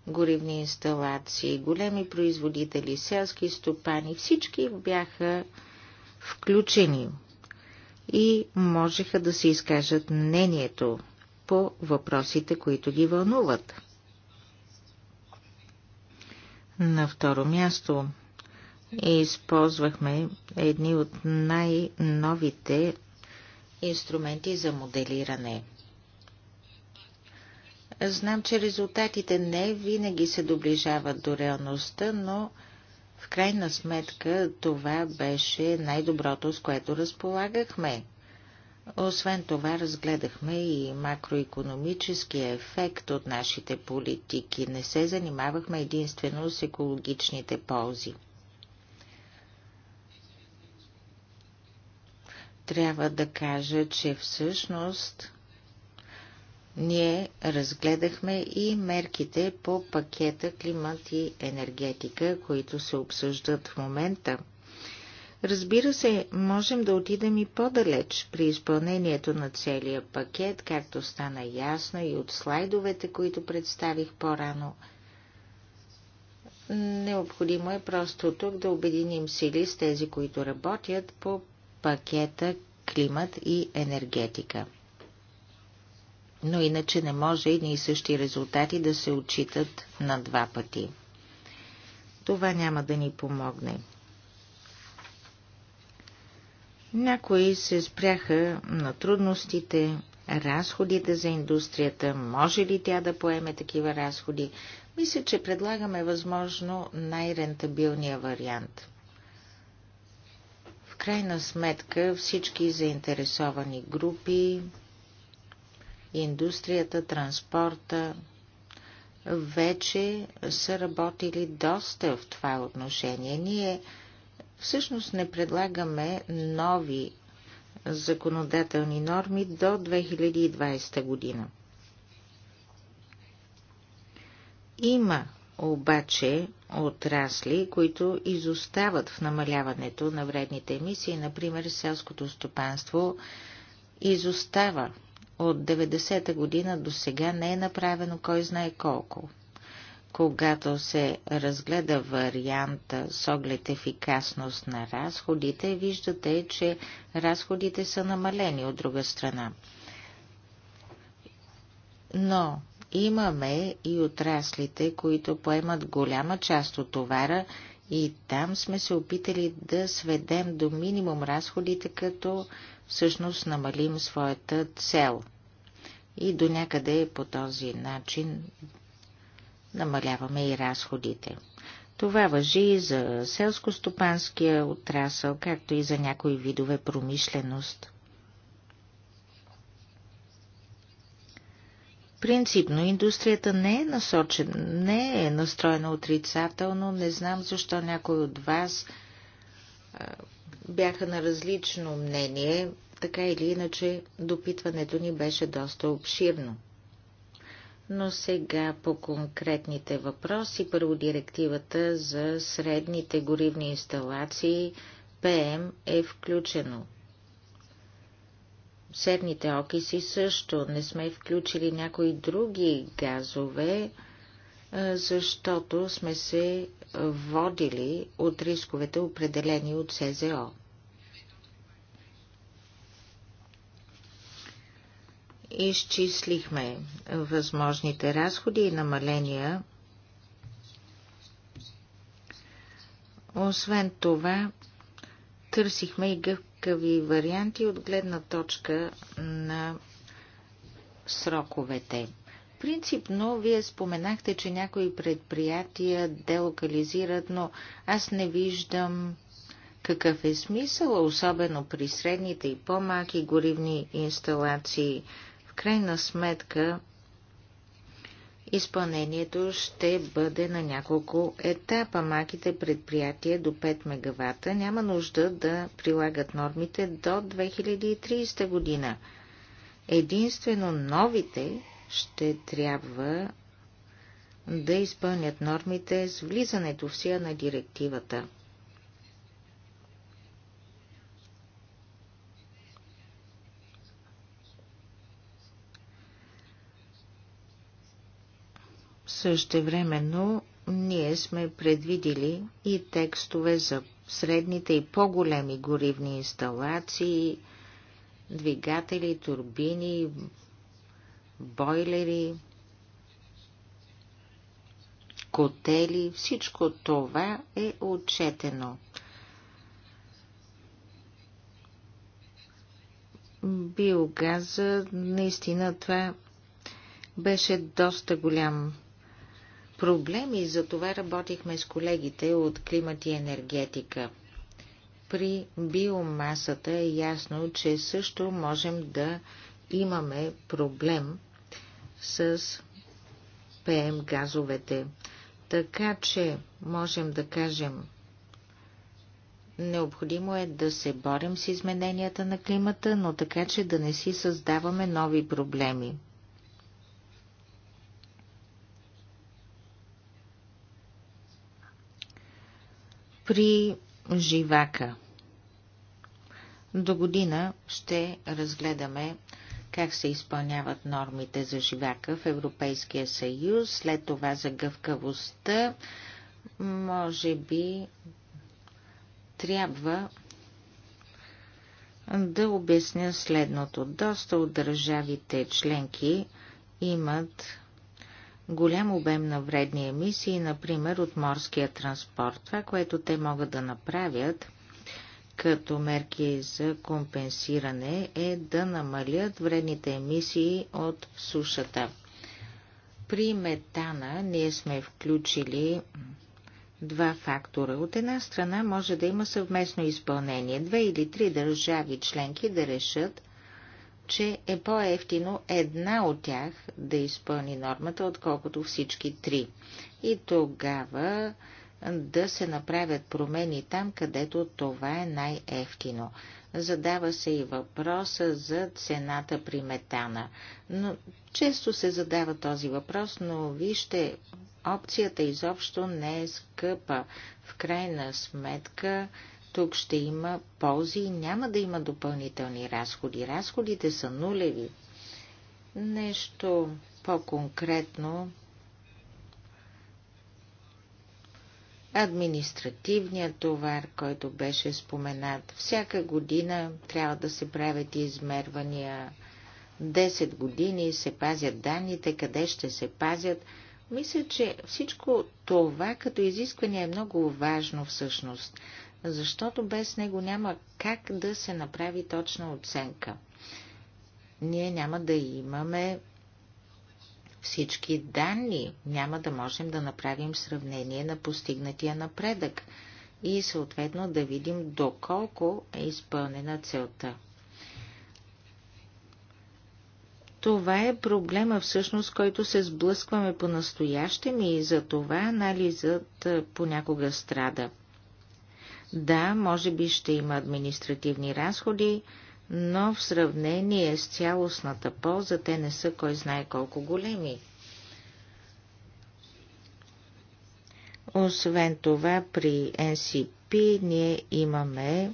горивни инсталации, големи производители, селски стопани, всички бяха включени и можеха да се изкажат мнението по въпросите, които ги вълнуват. На второ място използвахме едни от най-новите инструменти за моделиране. Знам, че резултатите не винаги се доближават до реалността, но в крайна сметка това беше най-доброто, с което разполагахме. Освен това, разгледахме и макроекономическия ефект от нашите политики. Не се занимавахме единствено с екологичните ползи. Трябва да кажа, че всъщност ние разгледахме и мерките по пакета климат и енергетика, които се обсъждат в момента – Разбира се, можем да отидем и по-далеч при изпълнението на целия пакет, както стана ясно и от слайдовете, които представих по-рано. Необходимо е просто тук да обединим сили с тези, които работят по пакета климат и енергетика. Но иначе не може едни и същи резултати да се отчитат на два пъти. Това няма да ни помогне. Някои се спряха на трудностите, разходите за индустрията, може ли тя да поеме такива разходи. Мисля, че предлагаме възможно най-рентабилния вариант. В крайна сметка всички заинтересовани групи, индустрията, транспорта, вече са работили доста в това отношение. Ние Всъщност не предлагаме нови законодателни норми до 2020 година. Има обаче отрасли, които изостават в намаляването на вредните емисии. Например, селското стопанство изостава. От 90-та година до сега не е направено кой знае колко когато се разгледа варианта с оглед ефикасност на разходите, виждате, че разходите са намалени от друга страна. Но имаме и отраслите, които поемат голяма част от товара и там сме се опитали да сведем до минимум разходите, като всъщност намалим своята цел. И до някъде по този начин намаляваме и разходите. Това въжи и за селско-стопанския отрасъл, както и за някои видове промишленост. Принципно индустрията не е насочена, не е настроена отрицателно. Не знам защо някой от вас бяха на различно мнение. Така или иначе, допитването ни беше доста обширно. Но сега по конкретните въпроси. Първо директивата за средните горивни инсталации ПМ е включено. Серните окиси също не сме включили някои други газове, защото сме се водили от рисковете, определени от СЗО. изчислихме възможните разходи и намаления. Освен това, търсихме и гъвкави варианти от гледна точка на сроковете. Принципно, вие споменахте, че някои предприятия делокализират, но аз не виждам какъв е смисъл, особено при средните и по-малки горивни инсталации – крайна сметка изпълнението ще бъде на няколко етапа. Маките предприятия до 5 мегавата няма нужда да прилагат нормите до 2030 година. Единствено новите ще трябва да изпълнят нормите с влизането в сила на директивата – Същевременно ние сме предвидили и текстове за средните и по-големи горивни инсталации, двигатели, турбини, бойлери, котели, всичко това е отчетено. Биогаза, наистина това беше доста голям проблеми, за това работихме с колегите от климат и енергетика. При биомасата е ясно, че също можем да имаме проблем с ПМ газовете. Така че можем да кажем, необходимо е да се борим с измененията на климата, но така че да не си създаваме нови проблеми. При живака до година ще разгледаме как се изпълняват нормите за живака в Европейския съюз, след това за гъвкавостта, може би трябва да обясня следното. Доста от държавите членки имат голям обем на вредни емисии, например от морския транспорт. Това, което те могат да направят като мерки за компенсиране е да намалят вредните емисии от сушата. При метана ние сме включили два фактора. От една страна може да има съвместно изпълнение. Две или три държави членки да решат, че е по-ефтино една от тях да изпълни нормата, отколкото всички три. И тогава да се направят промени там, където това е най-ефтино. Задава се и въпроса за цената при метана. Но често се задава този въпрос, но вижте, опцията изобщо не е скъпа. В крайна сметка тук ще има ползи и няма да има допълнителни разходи. Разходите са нулеви. Нещо по-конкретно. Административният товар, който беше споменат, всяка година трябва да се правят измервания. 10 години се пазят данните, къде ще се пазят. Мисля, че всичко това като изискване е много важно всъщност защото без него няма как да се направи точна оценка. Ние няма да имаме всички данни, няма да можем да направим сравнение на постигнатия напредък и съответно да видим доколко е изпълнена целта. Това е проблема всъщност, който се сблъскваме по-настоящем и за това анализът понякога страда. Да, може би ще има административни разходи, но в сравнение с цялостната полза те не са кой знае колко големи. Освен това, при NCP ние имаме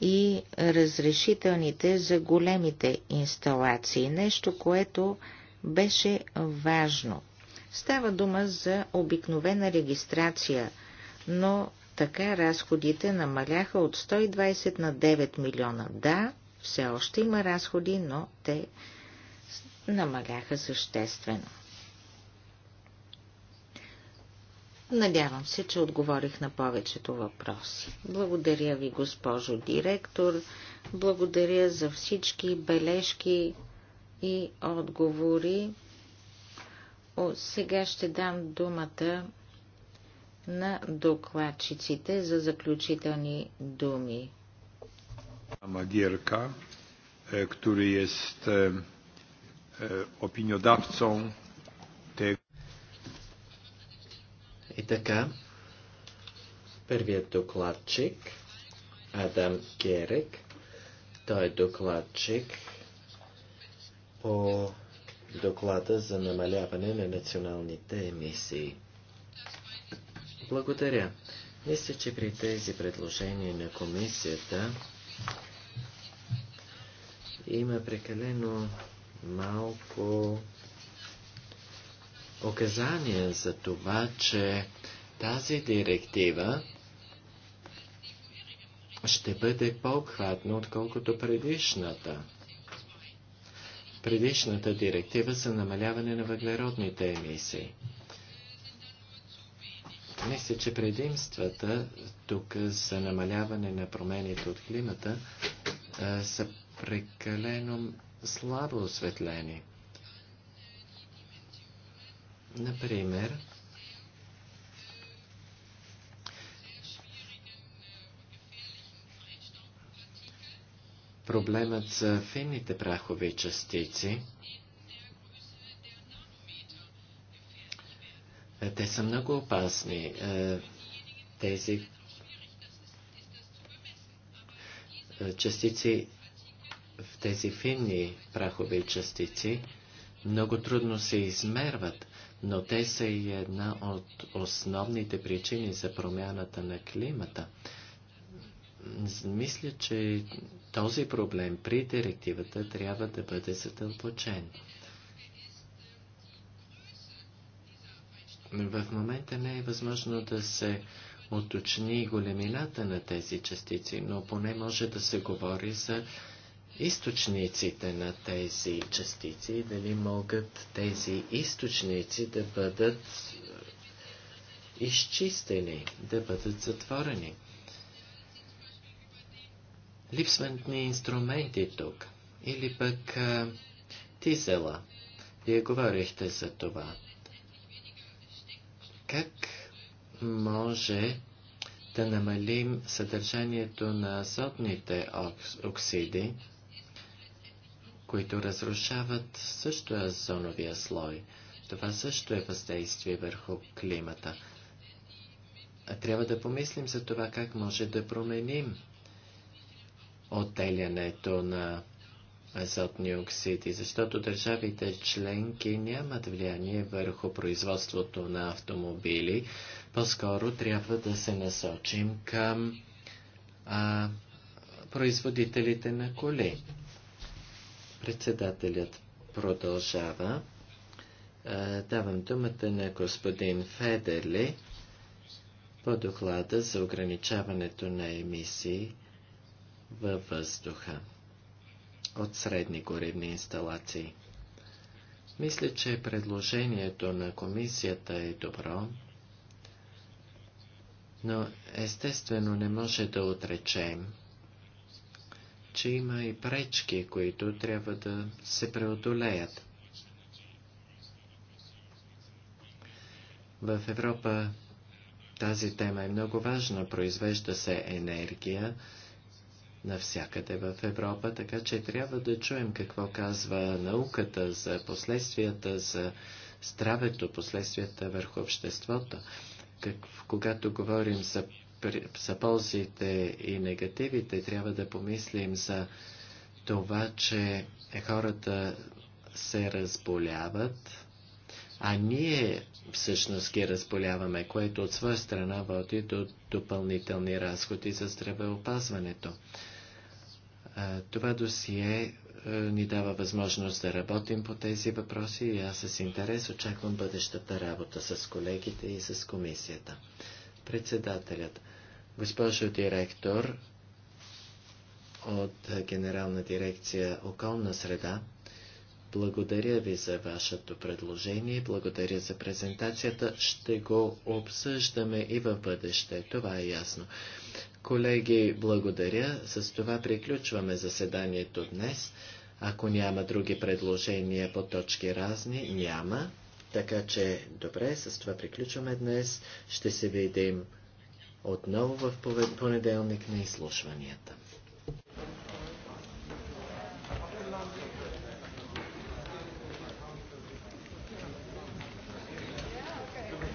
и разрешителните за големите инсталации, нещо, което беше важно. Става дума за обикновена регистрация, но така разходите намаляха от 120 на 9 милиона. Да, все още има разходи, но те намаляха съществено. Надявам се, че отговорих на повечето въпроси. Благодаря ви, госпожо директор. Благодаря за всички бележки и отговори. О, сега ще дам думата на докладчиците за заключителни думи. Магирка, който е opiniodawcą tego. Е, е, И така, първият докладчик, Адам Герек, той е докладчик по доклада за намаляване на националните емисии. Благодаря. Мисля, че при тези предложения на комисията има прекалено малко указания за това, че тази директива ще бъде по-обхватна, отколкото предишната. Предишната директива за намаляване на въглеродните емисии. Мисля, че предимствата тук за намаляване на промените от климата а, са прекалено слабо осветлени. Например, проблемът за фините прахови частици – Е, те са много опасни. Е, тези е, частици, в тези финни прахови частици, много трудно се измерват, но те са и една от основните причини за промяната на климата. Мисля, че този проблем при директивата трябва да бъде задълбочен. В момента не е възможно да се уточни големината на тези частици, но поне може да се говори за източниците на тези частици дали могат тези източници да бъдат е, изчистени, да бъдат затворени. Липсват ни инструменти тук, или пък а, е, тизела. Вие говорихте за това. Как може да намалим съдържанието на азотните оксиди, които разрушават също азоновия слой. Това също е въздействие върху климата. А трябва да помислим за това как може да променим отделянето на азотни оксиди, защото държавите членки нямат влияние върху производството на автомобили. По-скоро трябва да се насочим към а, производителите на коли. Председателят продължава. А, давам думата на господин Федерли по доклада за ограничаването на емисии във въздуха от средни горивни инсталации. Мисля, че предложението на комисията е добро, но естествено не може да отречем, че има и пречки, които трябва да се преодолеят. В Европа тази тема е много важна. Произвежда се енергия, навсякъде в Европа, така че трябва да чуем какво казва науката за последствията, за здравето, последствията върху обществото. Как, когато говорим за, за ползите и негативите, трябва да помислим за това, че хората се разболяват, а ние всъщност ги разполяваме, което от своя страна води до допълнителни разходи за здравеопазването. Това досие ни дава възможност да работим по тези въпроси и аз с интерес очаквам бъдещата работа с колегите и с комисията. Председателят, госпожо директор от Генерална дирекция Околна среда, благодаря ви за вашето предложение, благодаря за презентацията. Ще го обсъждаме и в бъдеще, това е ясно. Колеги, благодаря. С това приключваме заседанието днес. Ако няма други предложения по точки разни, няма. Така че, добре, с това приключваме днес. Ще се видим отново в понеделник на изслушванията.